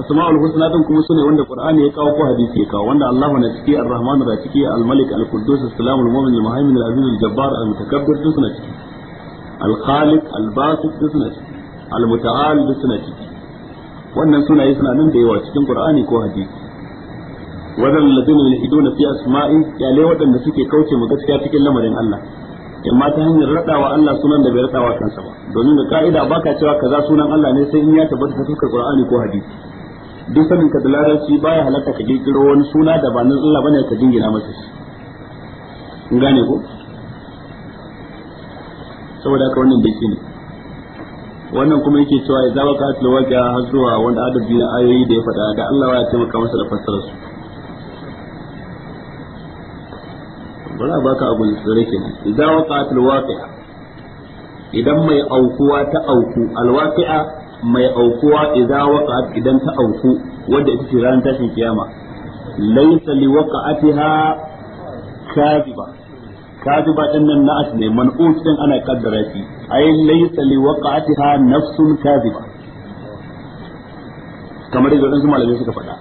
asma'ul husna din kuma sune wanda qur'ani ya kawo ko hadisi ya kawo wanda Allah na ciki ar-rahman da ciki al-malik al-quddus as-salam al-mu'min al-muhaymin al-aziz al-jabbar al-mutakabbir duk suna ciki al-khaliq al-basit duk suna ciki al-muta'al duk suna ciki wannan sunaye suna nan da yawa cikin qur'ani ko hadisi wadan ladina yahiduna fi asma'i ya le wadanda suke kauce mu gaskiya cikin lamarin Allah in ma ta hanyar radawa Allah sunan da bai radawa kansa ba domin da ka'ida baka cewa kaza sunan Allah ne sai in ya tabbata ta fuskar Qur'ani ko hadisi duk sanin ka da larabci baya halatta ka kirkiro wani suna da ba nan Allah bane ka jingina masa shi in gane ko saboda haka wannan da ne wannan kuma yake cewa ya zaba ka atlawa har zuwa wanda adadi na ayoyi da ya faɗa da Allah ya taimaka masa da fassarar su ba za baka abu tsare ke idan waqa'at alwaqi'a idan mai aukuwa ta auku al-wafiya alwaqi'a mai aukuwa idan waqa'at idan ta auku wanda ita ce ranar tashin kiyama laysa liwaqa'atiha kadhiba kadhiba din nan na'at ne man'ut din ana kaddara shi ay laysa liwaqa'atiha nafsun kadhiba kamar yadda wadansu malamai suka faɗa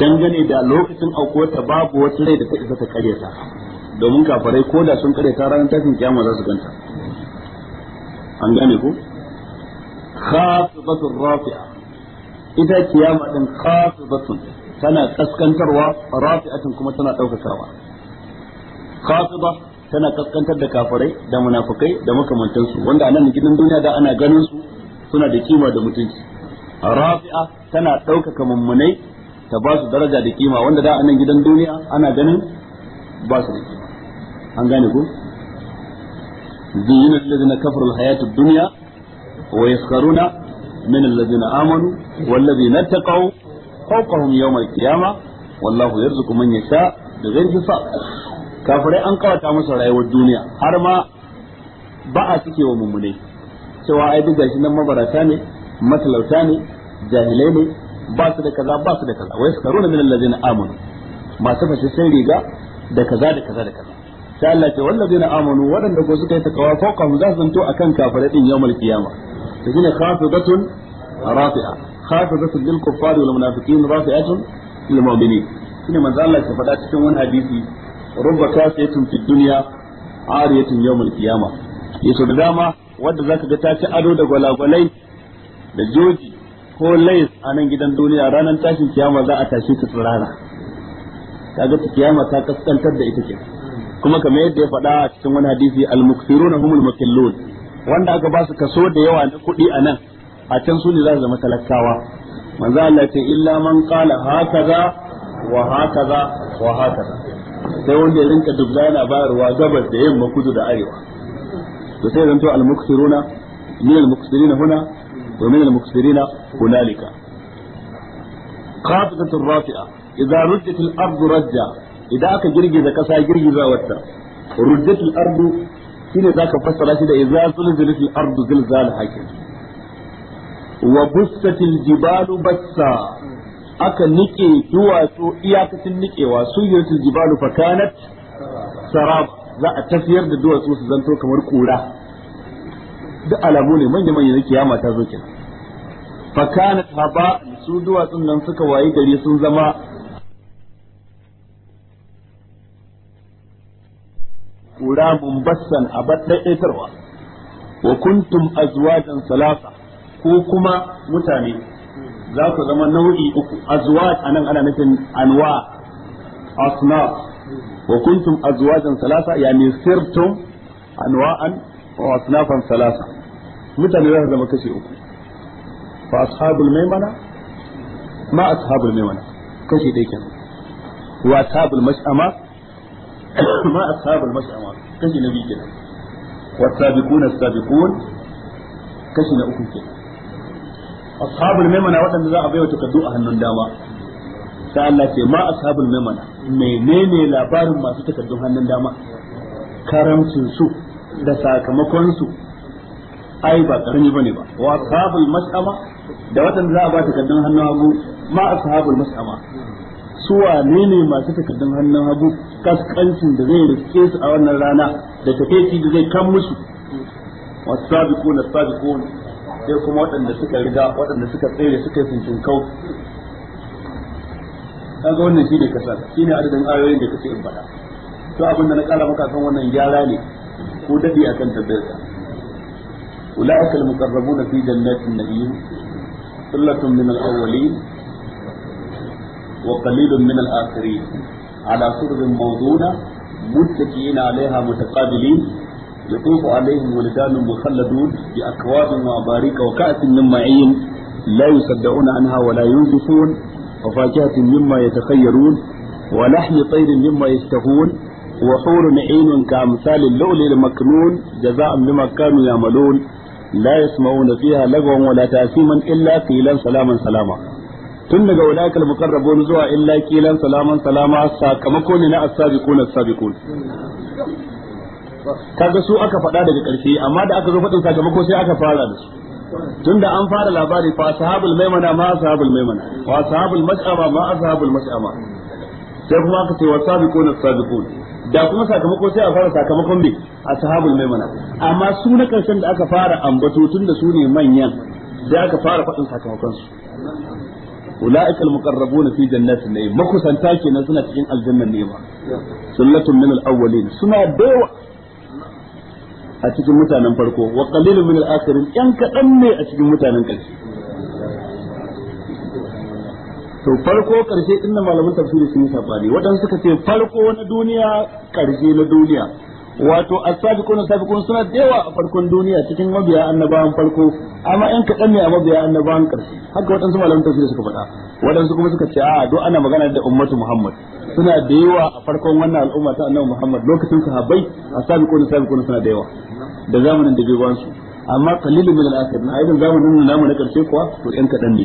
dangane da lokacin ta babu wata rai da ta isa ta karyata domin kafarai ko da sun kare ta ranar tashin kiyama za su ganta an gane ko batun rafi'a ita kiyama din batun tana kaskantarwa tun kuma tana daukakawa ba tana kaskantar da kafarai da munafukai da makamantansu wanda anan gidan duniya da ana ganin su suna da kima da mutunci rafi'a tana daukaka mummunai ta ba su daraja da kima wanda da anan gidan duniya ana ganin ba su da kima an gane ku zuyina alladhina kafaru alhayatud dunya wa yaskharuna min alladhina amanu walladhina taqaw fawqahum yawm alqiyamah wallahu yarzuqu man yasha bighayri hisab kafirai an kawata masa rayuwar duniya har ma ba a cike wa mummunai cewa ai duk gashi nan mabarata ne matalauta ne jahilai ne ba su da kaza ba su da kaza wai su karuna min allazina amanu masu fashe sai riga da kaza da kaza da kaza sai Allah ce na amanu waɗanda ko suka yi takawa ko kan za su zanto akan kafirai din yawmal qiyama to shine khafidatun rafi'a khafidatun lil kuffari wal munafiqin rafi'atun lil mu'minin shine manzo Allah ya faɗa cikin wani hadisi rubba kasiyatun fid dunya ariyatun yawmal qiyama yaso da dama wanda zaka ga ta ci ado da gwalagwalai da joji ko lais a nan gidan duniya ranar tashin kiyama za a tashi ta tsirara kaga kiyama ta kaskantar da ita kenan kuma kamar yadda ya faɗa a cikin wani hadisi al muktiruna humul mukillun wanda aka ba su kaso da yawa na kuɗi a nan a can su ne za su zama talakawa manzo Allah ce illa man qala hakaza wa hakaza wa hakaza sai wanda ya rinka dubda yana bayarwa gabas da yamma kudu da arewa to sai zanto al muktiruna min al muktirina huna wa min al muktirina hunalika qabidatun rafi'a idza ruddat al-ardu rajja idan aka girgiza kasa girgizawarta ruddatul ardu shine zaka fassara shi da idza zulzilatil ardu zilzal hakim wa bustatil jibalu bassa aka nike duwatsu iyakacin nikewa suyyatul jibalu fakanat sarab za a tafiyar da duwatsu su zanto kamar kura duk alamu ne manya manya na kiyama ta zo kin fakanat haba su duwatsun nan suka wayi gari sun zama kura mumbassan a baddaitarwa wa kuntum azwajan salasa ko kuma mutane za ku zama nau'i uku azwaj nan ana nufin anwa asnaf wa kuntum azwajan salasa ya yani anwa an wa asnafan salasa mutane za su zama kashe uku fa ashabul maimana ma ashabul maimana kashe dai kenan wa ashabul mash'ama ma أصحاب mash'ama kashi na كده والسابقون السابقون كشي kashi na أصحاب الميمنة وقت النزاع waɗanda za a baiwa takardu a hannun dama الميمنة Allah لابار ما ashabul maimana menene labarin masu takardun hannun dama da sakamakonsu. ai ba karami bane ba wa ashabul mas'ama da waɗanda za a ba takardun hannun hagu ma ashabul mas'ama su wa ne masu takardun hannun hagu kaskancin da zai riske su a wannan rana da tafeci da zai kan musu wasu sabiku na sabiku sai kuma waɗanda suka riga waɗanda suka tsere suka yi fintin kau kaga wannan shine kasar ne adadin ayoyin da kace in faɗa to abin da na kala maka kan wannan gyara ne ko dadi akan tabbayarka ulaika almuqarrabuna fi jannatin nabiyyin sullatun min al wa وقليل من الآخرين على سرر موضونة متكئين عليها متقابلين يطوف عليهم ولدان مخلدون بأكواب وأباريك وكأس من معين لا يصدعون عنها ولا ينزفون وفاكهة مما يتخيرون ولحم طير مما يشتهون وحور عين كأمثال اللؤلؤ المكنون جزاء بما كانوا يعملون لا يسمعون فيها لغوا ولا تأثيما إلا قيلا سلاما سلاما tun daga walaikal muqarrabun zuwa illa kilan salaman salama sakamako ne na as-sabiqun as-sabiqun kaga su aka faɗa daga ƙarshe amma da aka zo faɗin sakamako sai aka fara da su Tun da an fara labari fa sahabul maimana ma sahabul maimana wa sahabul mas'ama ma sahabul mas'ama sai kuma aka ce wa sabiqun as-sabiqun da kuma sakamako sai a fara sakamakon A sahabul maimana amma su na karshen da aka fara ambato tun da su ne manyan sai aka fara faɗin sakamakon su ulaikal muqarrabuna fi jannatin na'im makusanta kenan suna cikin aljannan nema. sullatun min suna dawa a cikin mutanen farko wa qalilun min al yan kaɗan ne a cikin mutanen karshe to farko karshe din malaman tafsiri sun yi sabani wadanda suka ce farko na duniya karshe na duniya wato as-sabiqun sabiqun suna da yawa a farkon duniya cikin mabiya annabawan farko amma in ka ne a mabiya annabawan karshe. haka waɗansu malaman tafsir suka faɗa waɗansu kuma suka ce a do ana magana da ummatu Muhammad suna da yawa a farkon wannan al'umma ta annabi Muhammad lokacin sahabbai as-sabiqun sabiqun suna da yawa da zamanin da bai bayan su amma qalilu min al-akhir na aidan zamanin namu na karshe kuwa to ɗan kaɗan ne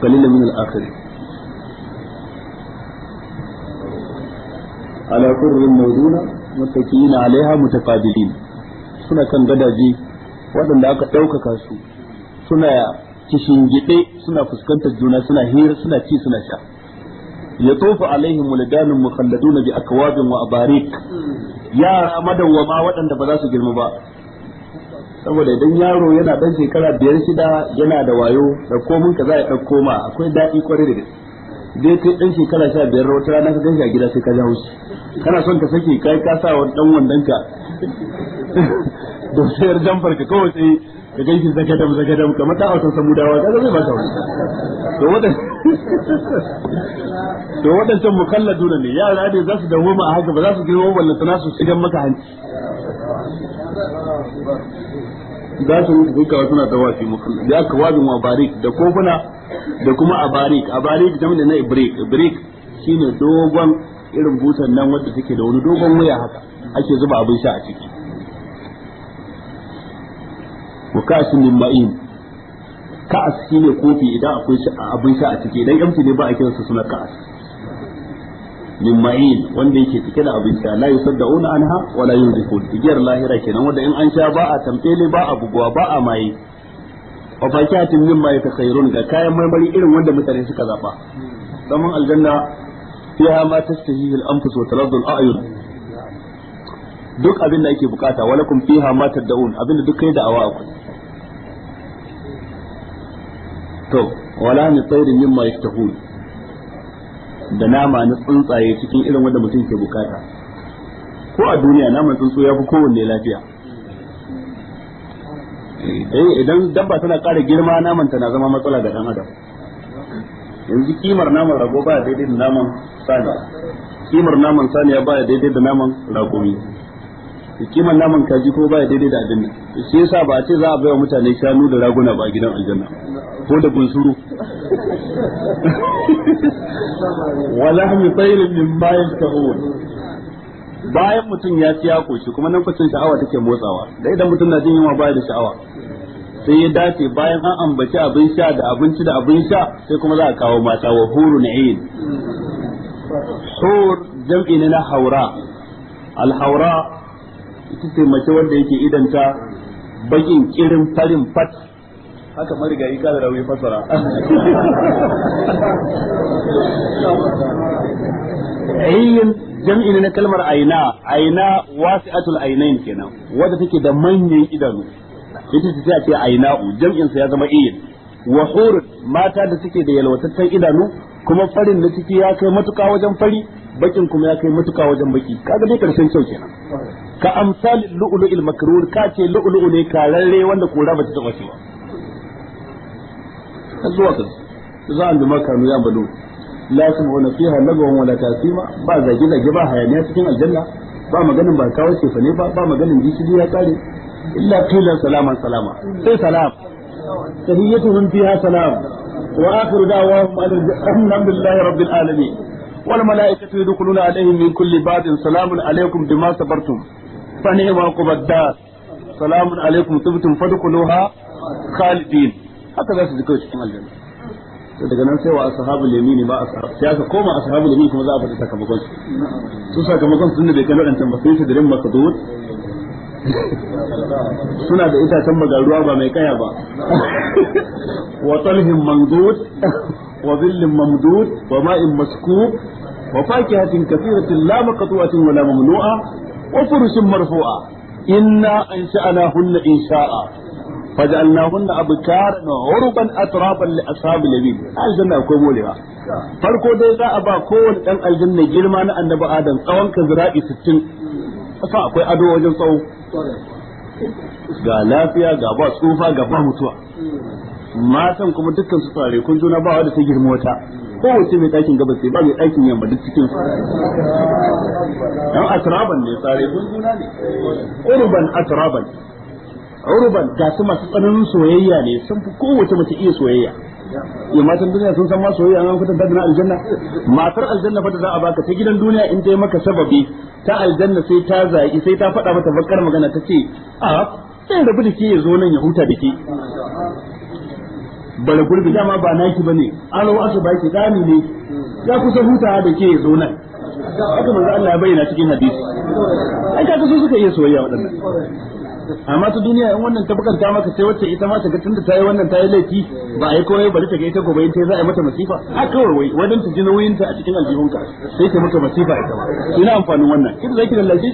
qalilu min al-akhir ala qurrin mawduna muttaqina alaiha mutaqabilin suna kan gadaje waɗanda aka ɗaukaka su suna gide suna fuskantar juna suna hira suna ci suna sha yatufu alaihim muldanun na bi akwabin wa abarik yara madawwama waɗanda ba za su girma ba saboda idan yaro yana ɗan shekara biyar shida yana da wayo da komin ka za ya ɗauko ma akwai daɗi kwarai da dai ya kai dan shekara sha biyar wata rana ka ganshi a gida sai ka ja wuce kana son ka saki kai ka sa wa dan wandan ka da sayar jamfar ka kawai sai ka zaka da zaka da kuma ta auto autan samudawa ka zai ba ta wani to wadan to wadan wadancan mukalladuna ne yara ne za su dawo ma a haka ba za su girma tana su shigan maka hanci za su mutu duka suna da wasi dawafi ya kawabin wa barik da kofuna da kuma abarik abarik da na ibrik ibrik shine dogon irin butan nan wanda take da wani dogon waya haka ake zuba abin sha a ciki wa kasin min ma'in ka'as shine kofi idan akwai abin sha a ciki idan yamci ne ba a kiransa suna ka'as min ma'in wanda yake cike da abin sha la yusaddauna anha wala yudkhul yunzifun igiyar lahira kenan wanda in an sha ba a tamfele ba a buguwa ba a maye wa fakihatin mimma yatakhayrun ga kayan marmari irin wanda mutane suka zaba saman aljanna fiha ma tashtahi al-anfus wa taladdu al-a'yun duk abin da ake bukata walakum fiha ma tad'un abin da duk kai da awa akwai to wala ni tsairin mimma yashtahun da nama na tsuntsaye cikin irin wanda mutum ke bukata ko a duniya naman tsuntsu ya fi kowanne lafiya eh idan dabba tana ƙara girma naman ta na zama matsala ga dan adam yanzu kimar naman rago ba daidai da naman saniya kimar naman saniya ba daidai da naman raƙumi kimar naman kaji ko ba daidai da abin shi yasa ba a ce za a baiwa mutane shanu da raguna ba gidan aljanna ko da bunsuru wala hum min mimma yastahun bayan mutum ya ci ya koshi kuma nan kwacin sha'awa take motsawa da idan mutum na jin yunwa baya da sha'awa sai ya dace bayan an ambaci abin sha da abinci da abin sha sai kuma za a kawo mata wa huru hurun yin. hur jam'i ne na haura alhaura ita ce mace wanda yake idanta bakin kirin farin fat haka mariga marigayi kada rawi fasara ayin jam'i ne na kalmar aina aina wasi'atul ainain kenan wadda take da manyan idanu yace su sai a ce aina'u jam'in sa ya zama iyin e. wa mata da suke da yalwatattun idanu kuma farin da ciki ya kai matuka wajen fari bakin kuma ya kai matuka wajen baki kaga dai karshen kyau kenan ka amsalin lu'lu'il makrur ka ce lu'lu'u ne kararre wanda kora bata taba shi ba zuwa ka za a bima kanu ya balu la fiha lagawan wala tasima ba zage zage ba hayaniya cikin aljanna ba maganin ba kawai ce ba ba maganin gishiri ya kare illa qilan salaman salama sai salam tahiyyatuhum fiha salam wa akhiru da'wahum alhamdulillahi rabbil alamin wal malaikatu yadkhuluna alaihim min kulli babin salamun alaikum bima sabartum fa ni'ma uqbad salamun alaikum tubtum fadkhuluha khalidin haka za su ji cikin aljanna to daga nan sai wa ashabul yamini ba ashab sai aka koma ashabul yamini kuma za a fada sakamakon su su sakamakon sun da bai kai wadancan ba sai su garin makdud suna da itacen magaruwa ba mai kaya ba wa talhin mandud wa zillin mamdud wa ma'in maskub wa fakihatin kathiratin la maqtu'atin wa la mamnu'a wa furushin marfu'a inna ansha'nahunna insha'a فجعلناهن أبكارا عربا أترابا لأصحاب اليمين الجنة أكو مولها farko dai za a ba kowane dan aljanna girma na annabi adam tsawon ka zira'i sittin kasa akwai ado wajen tsawo ga lafiya ga ba tsufa ga ba mutuwa matan kuma dukkan su tsare kun juna ba wanda ta girma wata kowace mai ɗakin gabas sai ba mai ɗakin yamma duk cikin su dan atraban ne tsare kun juna ne urban atraban urban ga su masu tsananin soyayya ne sun fi kowace mace iya soyayya ya matan duniya sun san ma soyayya an fitar da aljanna matar aljanna fa da za a baka ta gidan duniya in dai maka sababi ta aljanna sai ta zaki sai ta faɗa mata bakkar magana ta ce a sai rabu da ke ya zo nan ya huta da ke bara gurbi dama ba naki bane alo aka ba ki dani ne ya kusa huta da ke ya zo nan aka manzo Allah ya bayyana cikin hadisi ai kaga su suka iya soyayya waɗannan amma ta duniya in wannan ta bukanta maka sai wacce ita ma ta ga tunda ta yi wannan ta yi laifi ba a yi komai bari ta ga ita gobe ta za a yi mata masifa a kawai wai wajen ta ji nauyin ta a cikin aljihunka sai ta maka masifa ita ma ina amfanin wannan kin zaki da lafiya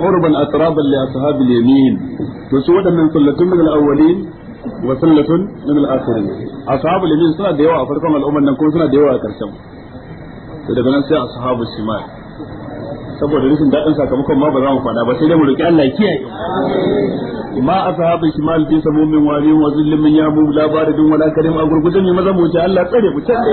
قربا أترابا لأصحاب اليمين فسوة من سلة من الأولين وسلة من الآخرين أصحاب اليمين سنة ديوة أفرقهم الأمة نكون سنة ديوة أكرشم daga nan sai ashabu shimal saboda rashin daɗin sakamakon ma ba za mu faɗa ba sai dai mu roki Allah ya kiyaye ma ashabu shimal fi samumin wari wa zillin min yamu la baridun wala karim a gurgurdan ne maza mu ce Allah tsare mu tsare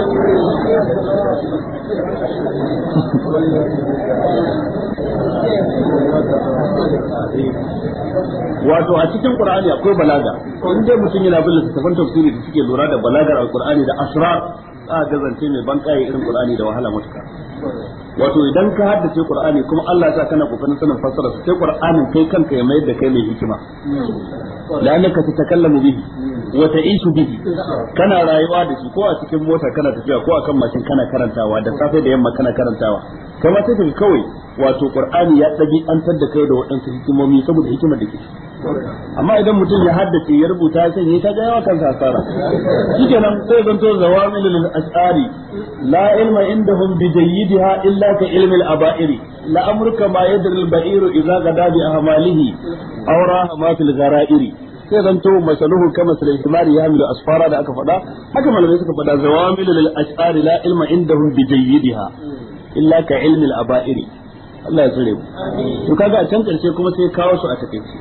wato a cikin qur'ani akwai balaga in dai mutum yana bin littattafan tafsiri da suke lura da balagar alqur'ani da asrar a gazance mai ban irin qur'ani da wahala mutuka wato idan ka haddace qur'ani kuma Allah ya sa kana kokarin sanin fassara sai qur'anin kai kanka ya mayar da kai mai hikima annaka tatakallamu bihi wa ta'ishu bihi kana rayuwa da shi ko a cikin mota kana tafiya ko a kan mashin kana karantawa da safe da yamma kana karantawa Kamar ma sai kawai wato qur'ani ya dabi an da kai da waɗansu hikimomi saboda hikimar da kike amma idan mutum ya haddace ya rubuta ya sanya ta gaya kansa asara shikenan sai zan zanto zawamilul asari la ilma indahum bi jayyidiha illa ka ilmil abairi la amruka ma yadri ba'iru idza gada bi ahmalihi aw raha ma fil gharairi sai zan zanto masaluhu kama sal ihtimari yahmilu asfara da aka faɗa haka malamai suka faɗa zawamilul asari la ilma indahum bi jayyidiha illa ka ilmil abairi Allah ya tsare mu to kaga a can karshe kuma sai kawo su a takeice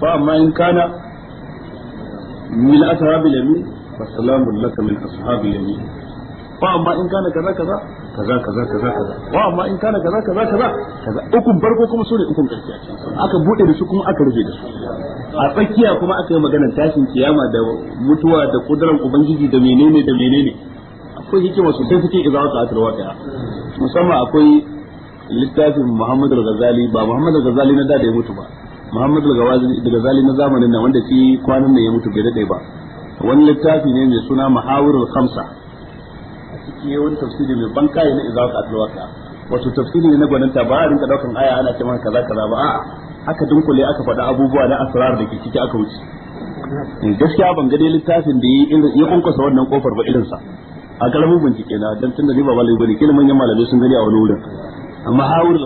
fa amma in kana min ashabil yamin fa salamun laka min ashabil yamin fa amma in kana kaza kaza kaza kaza kaza kaza amma in kana kaza kaza kaza kaza Uku barko kuma sune ukun karshe a cikin aka bude da su kuma aka rufe da su a tsakiya kuma aka yi magana tashin kiyama da mutuwa da kudurar ubangiji da menene da menene akwai wasu suke sosai cikin izawata a tarwata musamman akwai littafin Muhammadu Ghazali ba Muhammadu Ghazali na da da ya mutu ba Muhammadu al daga zali na zamanin nan wanda shi kwanan nan ya mutu bai dade ba wani littafi ne mai suna Mahawirul Kamsa. a cikin yawan tafsiri mai ban ne izaka al-waqa wato tafsiri ne na gwaninta ba a rinka daukan aya ana ce maka kaza kaza ba a'a aka dunkule aka faɗi abubuwa na asrar da ke ciki aka wuce eh, gaskiya ban ga dai littafin da ya kunkusa wannan kofar ba irinsa a karamin bincike na don tun da ni ba malami ne kila manyan malamai sun gani a wani wurin amma hawul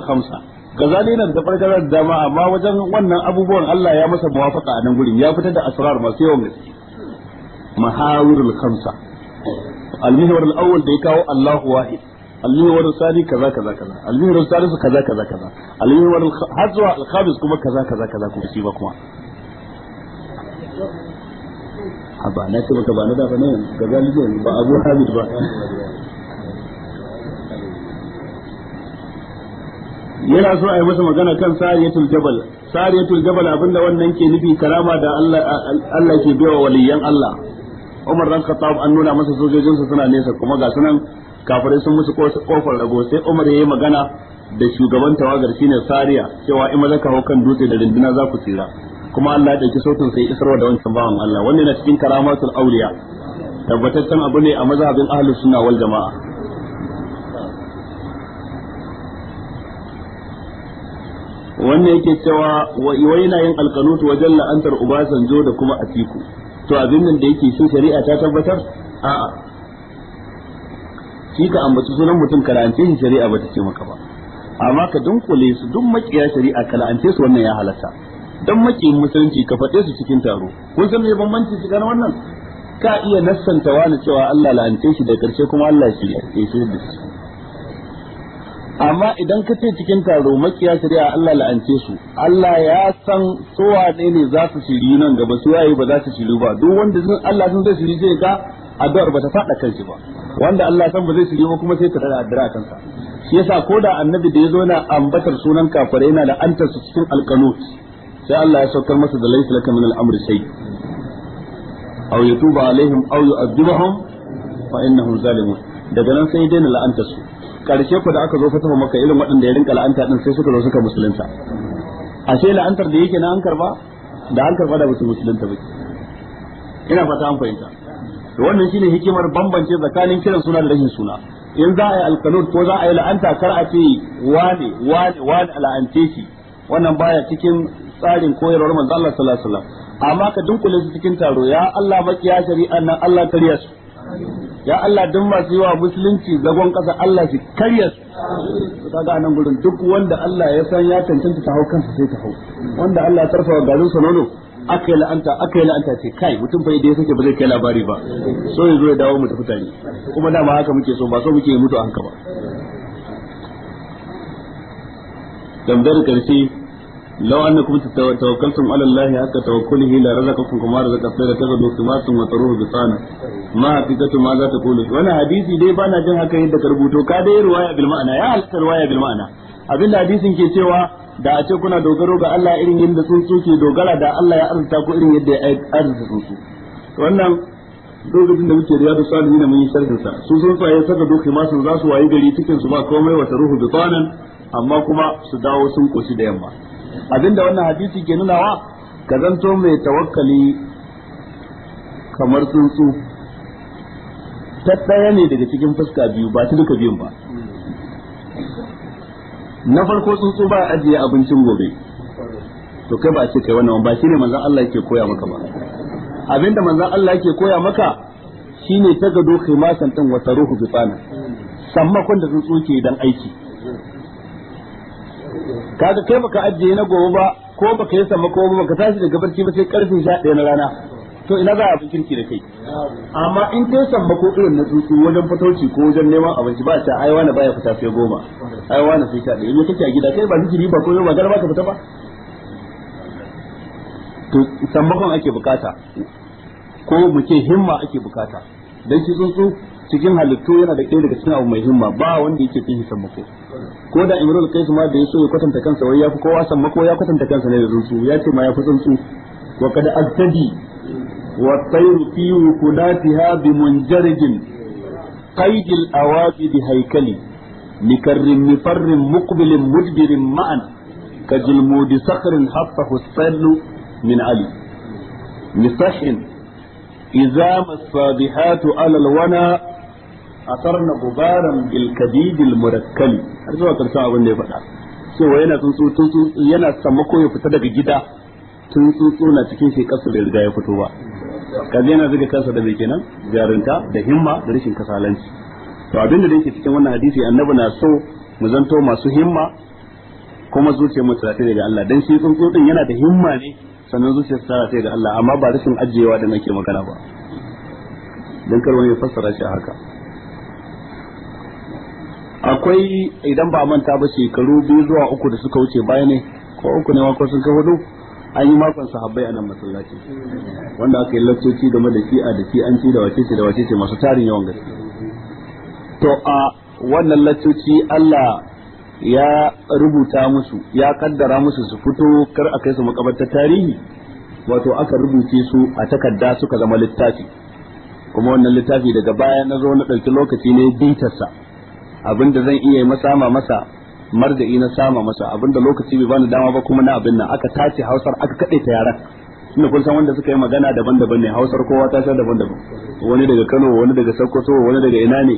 gazali nan da farkarar dama amma wajen wannan abubuwan Allah ya masa muwafaka a nan gurin ya fitar da asrar masu yawan gaske mahawirul khamsa al-mihwar al-awwal da ya kawo Allahu wahid al-mihwar al-thani kaza kaza kaza al-mihwar al-thalith kaza kaza kaza al-mihwar al-hazwa al-khamis kuma kaza kaza kaza ko shi ba kuma haba na ce baka ba na da ba ne gazali ba abu hamid ba yana so a yi masa magana kan sariyatul jabal sariyatul jabal abinda wannan ke nufi karama da Allah Allah ke biya waliyan Allah Umar dan Khattab an nuna masa sojojinsa suna nesa kuma ga sunan kafirai sun musu kofar rago sai Umar yayi magana da shugaban tawagar shine Sariya cewa in maza ka kan dutse da rinduna za ku tsira kuma Allah ya dauki sautin sai isarwa da wancan bawan Allah wannan na cikin karamatul auliya tabbataccen abu ne a mazhabin ahlus sunna wal jama'a wannan yake cewa wa yana yin alqanut wa jalla antar jo da kuma atiku to abin nan da yake shi shari'a ta tabbatar a'a shi ka ambaci sunan mutum karance shi shari'a ba ta ce maka ba amma ka dunkule su duk makiya shari'a kala'ance su wannan ya halatta dan makiyin musulunci ka faɗe su cikin taro kun san me bambanci cikin wannan ka iya nassanta wani cewa Allah la'ance shi da karshe kuma Allah shi ya shirye da shi amma idan ka ce cikin taro makiya shari'a Allah la'ance su Allah ya san tsowa ne ne za su shiri nan gaba su waye ba za su shiri ba duk wanda sun Allah sun zai shiri sai ka addu'ar ba ta fada kanshi ba wanda Allah san ba zai shiri ba kuma sai ka tada addu'a kansa shi yasa ko da annabi da ya zo na ambatar sunan kafirai yana la'antar su cikin alqanut sai Allah ya saukar masa da laysa laka min al-amr shay aw yatuba alaihim aw yu'adhibuhum fa innahum zalimun daga nan sai daina la'antar su karshe ku da aka zo fatahu maka irin waɗanda ya rinka la'anta din sai suka zo suka musulunta ashe la'antar da yake na an karba da an karba da ba su musulunta ba ina fata an fahimta wannan shine hikimar bambance tsakanin kiran suna da rashin suna in za a yi alkanun ko za a yi la'anta kar a ce wane wane wane la'ante shi wannan baya cikin tsarin koyarwar manzo Allah sallallahu alaihi wasallam amma ka dunkule su cikin taro ya Allah makiya shari'an nan Allah kariya su ya Allah duk masu yi wa musulunci zagon ƙasa Allah shi karya su ta nan gurin duk wanda Allah ya san ya cancanta ta hau kansa sai ta hau wanda Allah ya wa garin sa nono aka yi la'anta aka yi la'anta ce kai mutum fa idan ya sake ba zai kai labari ba so ya ya dawo mu tafi tare kuma dama haka muke so ba so muke mutu a haka ba tambayar karshe لو أنكم توكلتم على الله حق توكله لرزقكم كما رزق الطير تغدو خماس وتروه بطانا ما حقيقة ماذا تقول وانا حديثي دي بانا جن هكا يدك ربوتو كادي رواية بالمعنى يا حلت رواية بالمعنى abin da hadisin ke cewa da a ce kuna dogaro ga Allah irin yadda sun ke dogara da Allah ya arzuta ku irin yadda ya arzuta wannan lokacin da muke riyadu salihin mun yi sharhin sa su sun tsaye saka doki ma sun za su wayi gari cikin su ba komai wata ruhu bitanan amma kuma su dawo sun koshi da yamma abinda wannan hadisi ke nunawa ka zanto mai tawakkali kamar tsuntsu ta ɗaya ne daga cikin fuska biyu ba ta duka biyun ba na farko tsuntsu ba ajiye abincin gobe to kai ba ce kai wannan ba shine manzon Allah yake koya maka ba abinda manzon Allah yake koya maka shine ta gado khimasan tan wa taruhu bitana sammakon da tsuntsu ke dan aiki kaga kai baka ajiye na gobe ba ko baka yi sama ko baka tashi daga barci ba sai karfe 11 na rana to ina za a fi kirki da kai amma in kai sama ko irin na tsuntsu wajen fatauci ko wajen neman abinci ba ta ai wani baya fita sai goma ai wani sai ta ɗaya kake a gida kai ba zikiri ba ko ba garba ka fita ba to sammakon ake bukata ko mu ce himma ake bukata dan shi tsuntsu cikin halittu yana da ɗaya daga cikin abu mai himma ba wanda yake fi sammako ko da imrul qais ma da yaso ya kwatanta kansa wai fi kowa san ko ya kwatanta kansa ne da tsuntsu ya ce ma yafi tsuntsu wa kad aztadi wa tayru fi wukudatiha bi munjarijin qaid al awabi bi haykali likarrin mifarrin muqbilin mudbirin ma'an كجلمود صخر حفه السل من علي لصح إذا الصابحات على الونا asarna gubaran bil kadidil murakkal har zuwa karshen abin da ya faɗa cewa yana tsuntsu tsuntsu yana sammako ya fita daga gida tsuntsu tsuna cikin shi kasu da riga ya fito ba kaje yana zuga kansa da mai kenan jarinta da himma da rashin kasalanci to abin da yake cikin wannan hadisi annabi na so mu zanto masu himma kuma zuciyar mu tsare daga Allah dan shi tsuntsu din yana da himma ne sannan ta tsara daga Allah amma ba rashin ajiyewa da nake magana ba dan kar fassara shi haka akwai idan ba manta ba shekaru biyu zuwa uku da suka wuce baya ne ko uku ne ko sun kai hudu an yi makon sahabbai a nan masallaci wanda aka yi laftoci game da shi'a da ci da wacece da wacece masu tarin yawan gaske to a wannan laftoci Allah ya rubuta musu ya kaddara musu su fito kar a kai su makabartar tarihi wato aka rubuce su a takarda suka zama littafi kuma wannan littafi daga baya na zo na ɗauki lokaci ne bintarsa abinda zan iya masama masa marda'i na sama masa abinda lokaci bai bani dama ba kuma na abin nan aka tace hausar aka kade ta yaran tunda kun san wanda suka yi magana daban-daban ne hausar kowa ta sha daban-daban wani daga Kano wani daga Sokoto wani daga ina ne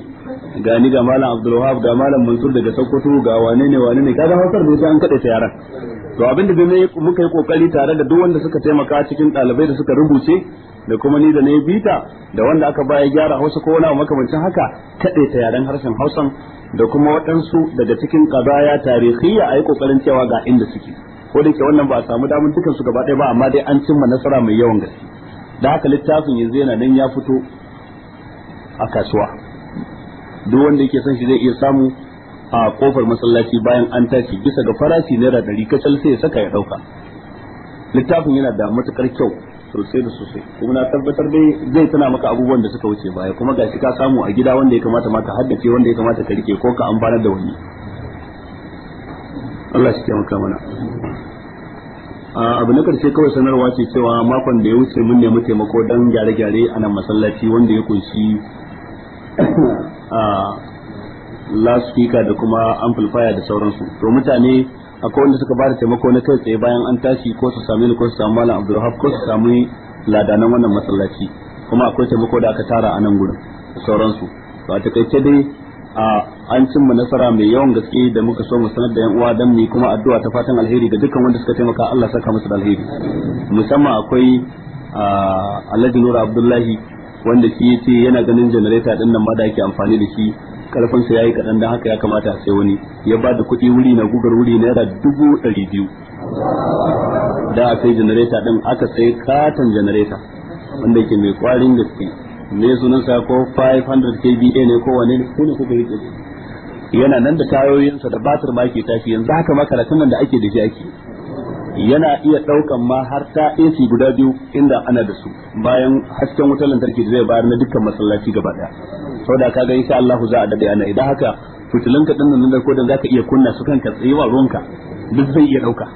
ga ni ga malam Abdul Wahab ga malam Mansur daga Sokoto ga wane ne wane ne kaga hausar ne an kade ta yaran to abinda da muka yi kokari tare da duk wanda suka taimaka cikin ɗalibai da suka rubuce da kuma ni da na yi bita da wanda aka baya gyara hausa ko wani makamancin haka kaɗe ta yaren harshen hausan da kuma waɗansu daga cikin ƙazaya tarihiyya a yi ƙoƙarin cewa ga inda suke ko da ke wannan ba a samu damar dukan su gaba ɗaya ba amma dai an cimma nasara mai yawan gaske da haka littafin yanzu yana nan ya fito a kasuwa duk wanda yake son shi zai iya samu a kofar masallaci bayan an tashi bisa ga farashi naira ɗari kacal sai ya saka ya ɗauka littafin yana da matukar kyau sosai da sosai kuma na tabbatar dai zai tana maka abubuwan da suka wuce baya kuma gashi ka samu a gida wanda ya kamata ma ka haddace wanda ya kamata ka rike ko ka amfanar da wani Allah shi taimaka mana abu na karshe kawai sanarwa ce cewa makon da ya wuce mun nemi taimako dan gyare-gyare a nan masallaci wanda ya kunshi a speaker da kuma amplifier da sauransu to mutane akwai wanda suka bada taimako na kai tsaye bayan an tashi ko su sami ni ko su samu malam abdulhab ko su sami ladanan wannan masallaci kuma akwai taimako da aka tara a nan gurin sauransu to a takaice dai a an cimma nasara mai yawan gaske da muka so mu sanar da yan uwa dan mu kuma addu'a ta fatan alheri ga dukkan wanda suka taimaka Allah saka musu da alheri musamman akwai Alhaji Nura Abdullahi wanda shi yace yana ganin janareta din nan ma da ake amfani da shi karfin sa yayi kadan dan haka ya kamata sai wani ya ba da kuɗi wuri na gugar wuri na naira dubu ɗari biyu da a sai janareta din aka sai katon janareta wanda yake mai kwarin gaske me sunan sa ko 500 kVA ne ko wane ne ko ne kuka yi yana nan da tayoyinsa da batir ma ke tashi yanzu haka ma karatun nan da ake da shi ake yana iya daukan ma har ta AC guda biyu inda ana da su bayan hasken wutar lantarki da zai bayar na dukkan masallaci gaba daya saboda kaga insha Allah za a dade ana idan haka fitilun ka dinnan nan ko da zaka iya kunna su kanka wa ruwanka duk zai iya dauka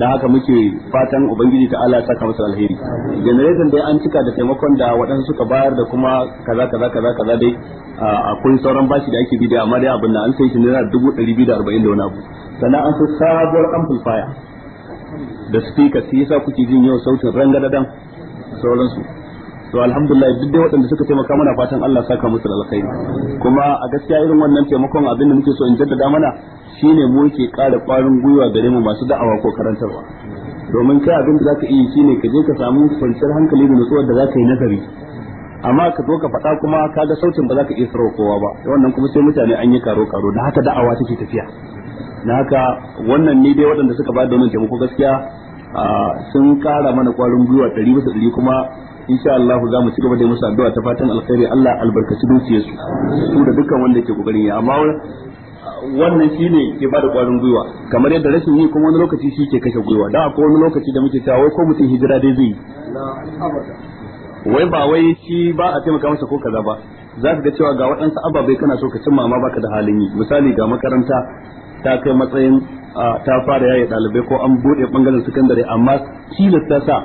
dan haka muke fatan ubangiji ta Allah saka masa alheri generator dai an cika da taimakon da waɗansu suka bayar da kuma kaza kaza kaza kaza dai akwai sauran bashi da ake bi da amma dai abin nan an sai shi naira dubu ɗari da da wani abu sannan an sai sabuwar amplifier da speaker sai yasa kuke jin yau sautin rangadadan sauransu to alhamdulillah duk da waɗanda suka taimaka mana fatan Allah saka musu da alkhairi kuma a gaskiya irin wannan taimakon abin da muke so in jaddada mana shine mu yake ƙara ƙwarin gwiwa gare mu masu da'awa ko karantarwa domin kai abin da zaka iya shine ka je ka samu kwanciyar hankali da nutsuwar da zaka yi nazari amma ka zo ka faɗa kuma ka ga sautin ba za ka iya sarwa kowa ba wannan kuma sai mutane an yi karo karo da haka da'awa take tafiya na haka wannan ne dai waɗanda suka ba da wannan taimako gaskiya sun kara mana kwarin gwiwa ɗari bisa ɗari kuma insha Allah za mu ci gaba da musu addu'a ta fatan alkhairi Allah albarkaci dukiyar su su da dukkan wanda ke kokarin ya amma wannan shine ke bada kwarin gwiwa kamar yadda rashin yi kuma wani lokaci shi ke kashe gwiwa da akwai wani lokaci da muke cewa wai ko mutum hijira dai zai wai ba wai shi ba a taimaka masa ko kaza ba za ka ga cewa ga waɗansu ababai kana so ka cimma amma baka da halin yi misali ga makaranta ta kai matsayin ta fara yaye dalibai ko an buɗe bangaren sakandare amma tilasta sa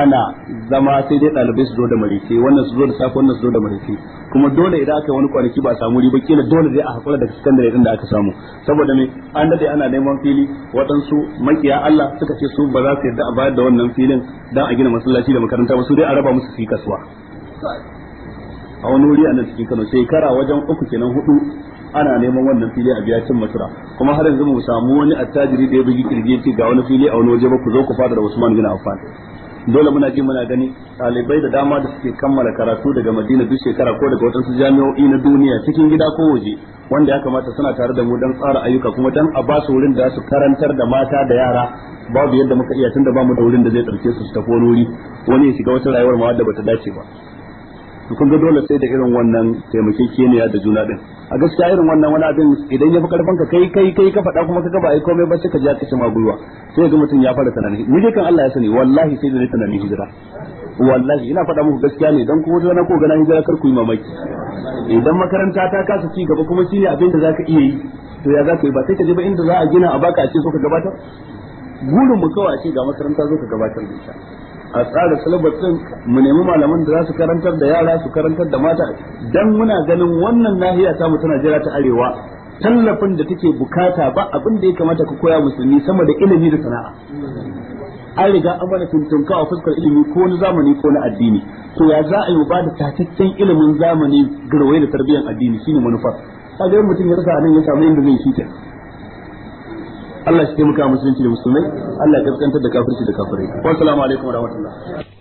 ana zama sai dai dalibai su zo da marice wannan su zo da safe wannan su zo da marice kuma dole idan aka wani kwanaki ba samu riba kila dole dai a hakura daga sakandare din da aka samu saboda me an dade ana neman fili waɗansu makiya Allah suka ce su ba za su yarda a bayar da wannan filin dan a gina masallaci da makaranta ba su dai a raba musu su yi kasuwa a wani wuri a nan cikin Kano shekara wajen uku kenan hudu ana neman wannan fili a biya cin kuma har yanzu mu samu wani attajiri da ya bugi kirje ce ga wani fili a wani waje ba ku zo ku fada da Usman bin Affan dole muna ji muna gani ɗalibai da dama da suke kammala karatu daga Madina duk shekara ko daga wadansu jami'o'i na duniya cikin gida ko waje wanda ya kamata suna tare da mu dan tsara ayyuka kuma dan a ba su wurin da su karantar da mata da yara babu yadda muka iya tunda ba mu da wurin da zai ɗauke su su tafi wani wuri wani ya shiga wata rayuwar ma wadda bata dace ba kun ga dole sai da irin wannan taimakekeniya da juna din a gaskiya irin wannan wani abin idan ya fi karfin ka kai kai kai ka faɗa kuma kaga ba ai komai ba sai ka ja ka shima gwiwa sai ga mutum ya fara tunani ni dai kan Allah ya sani wallahi sai da tunani hijira wallahi ina faɗa muku gaskiya ne dan kuma na ko gana hijira kar ku yi mamaki idan makaranta ta kasa ci gaba kuma shine abin da zaka iya yi to ya zaka yi ba sai ka je ba inda za a gina a baka a ce so ka gabatar gurin mu kawai a ce ga makaranta zo ka gabatar da shi a tsara salabar din mu nemi malaman da za su karantar da yara su karantar da mata dan muna ganin wannan nahiya ta mu tana jira ta arewa tallafin da take bukata ba abin da ya kamata ku koya musulmi sama da ilimi da sana'a an riga an mana tuntunka a fuskar ilimi ko na zamani ko na addini to ya za a yi ba da tataccen ilimin zamani garwaye da tarbiyyar addini shine manufar kaga mutum ya rasa nan ya samu inda zai shi kenan Allah shi taimaka musulunci da musulmai Allah ya kaskantar da kafirci da kafirai wa assalamu alaikum wa rahmatullah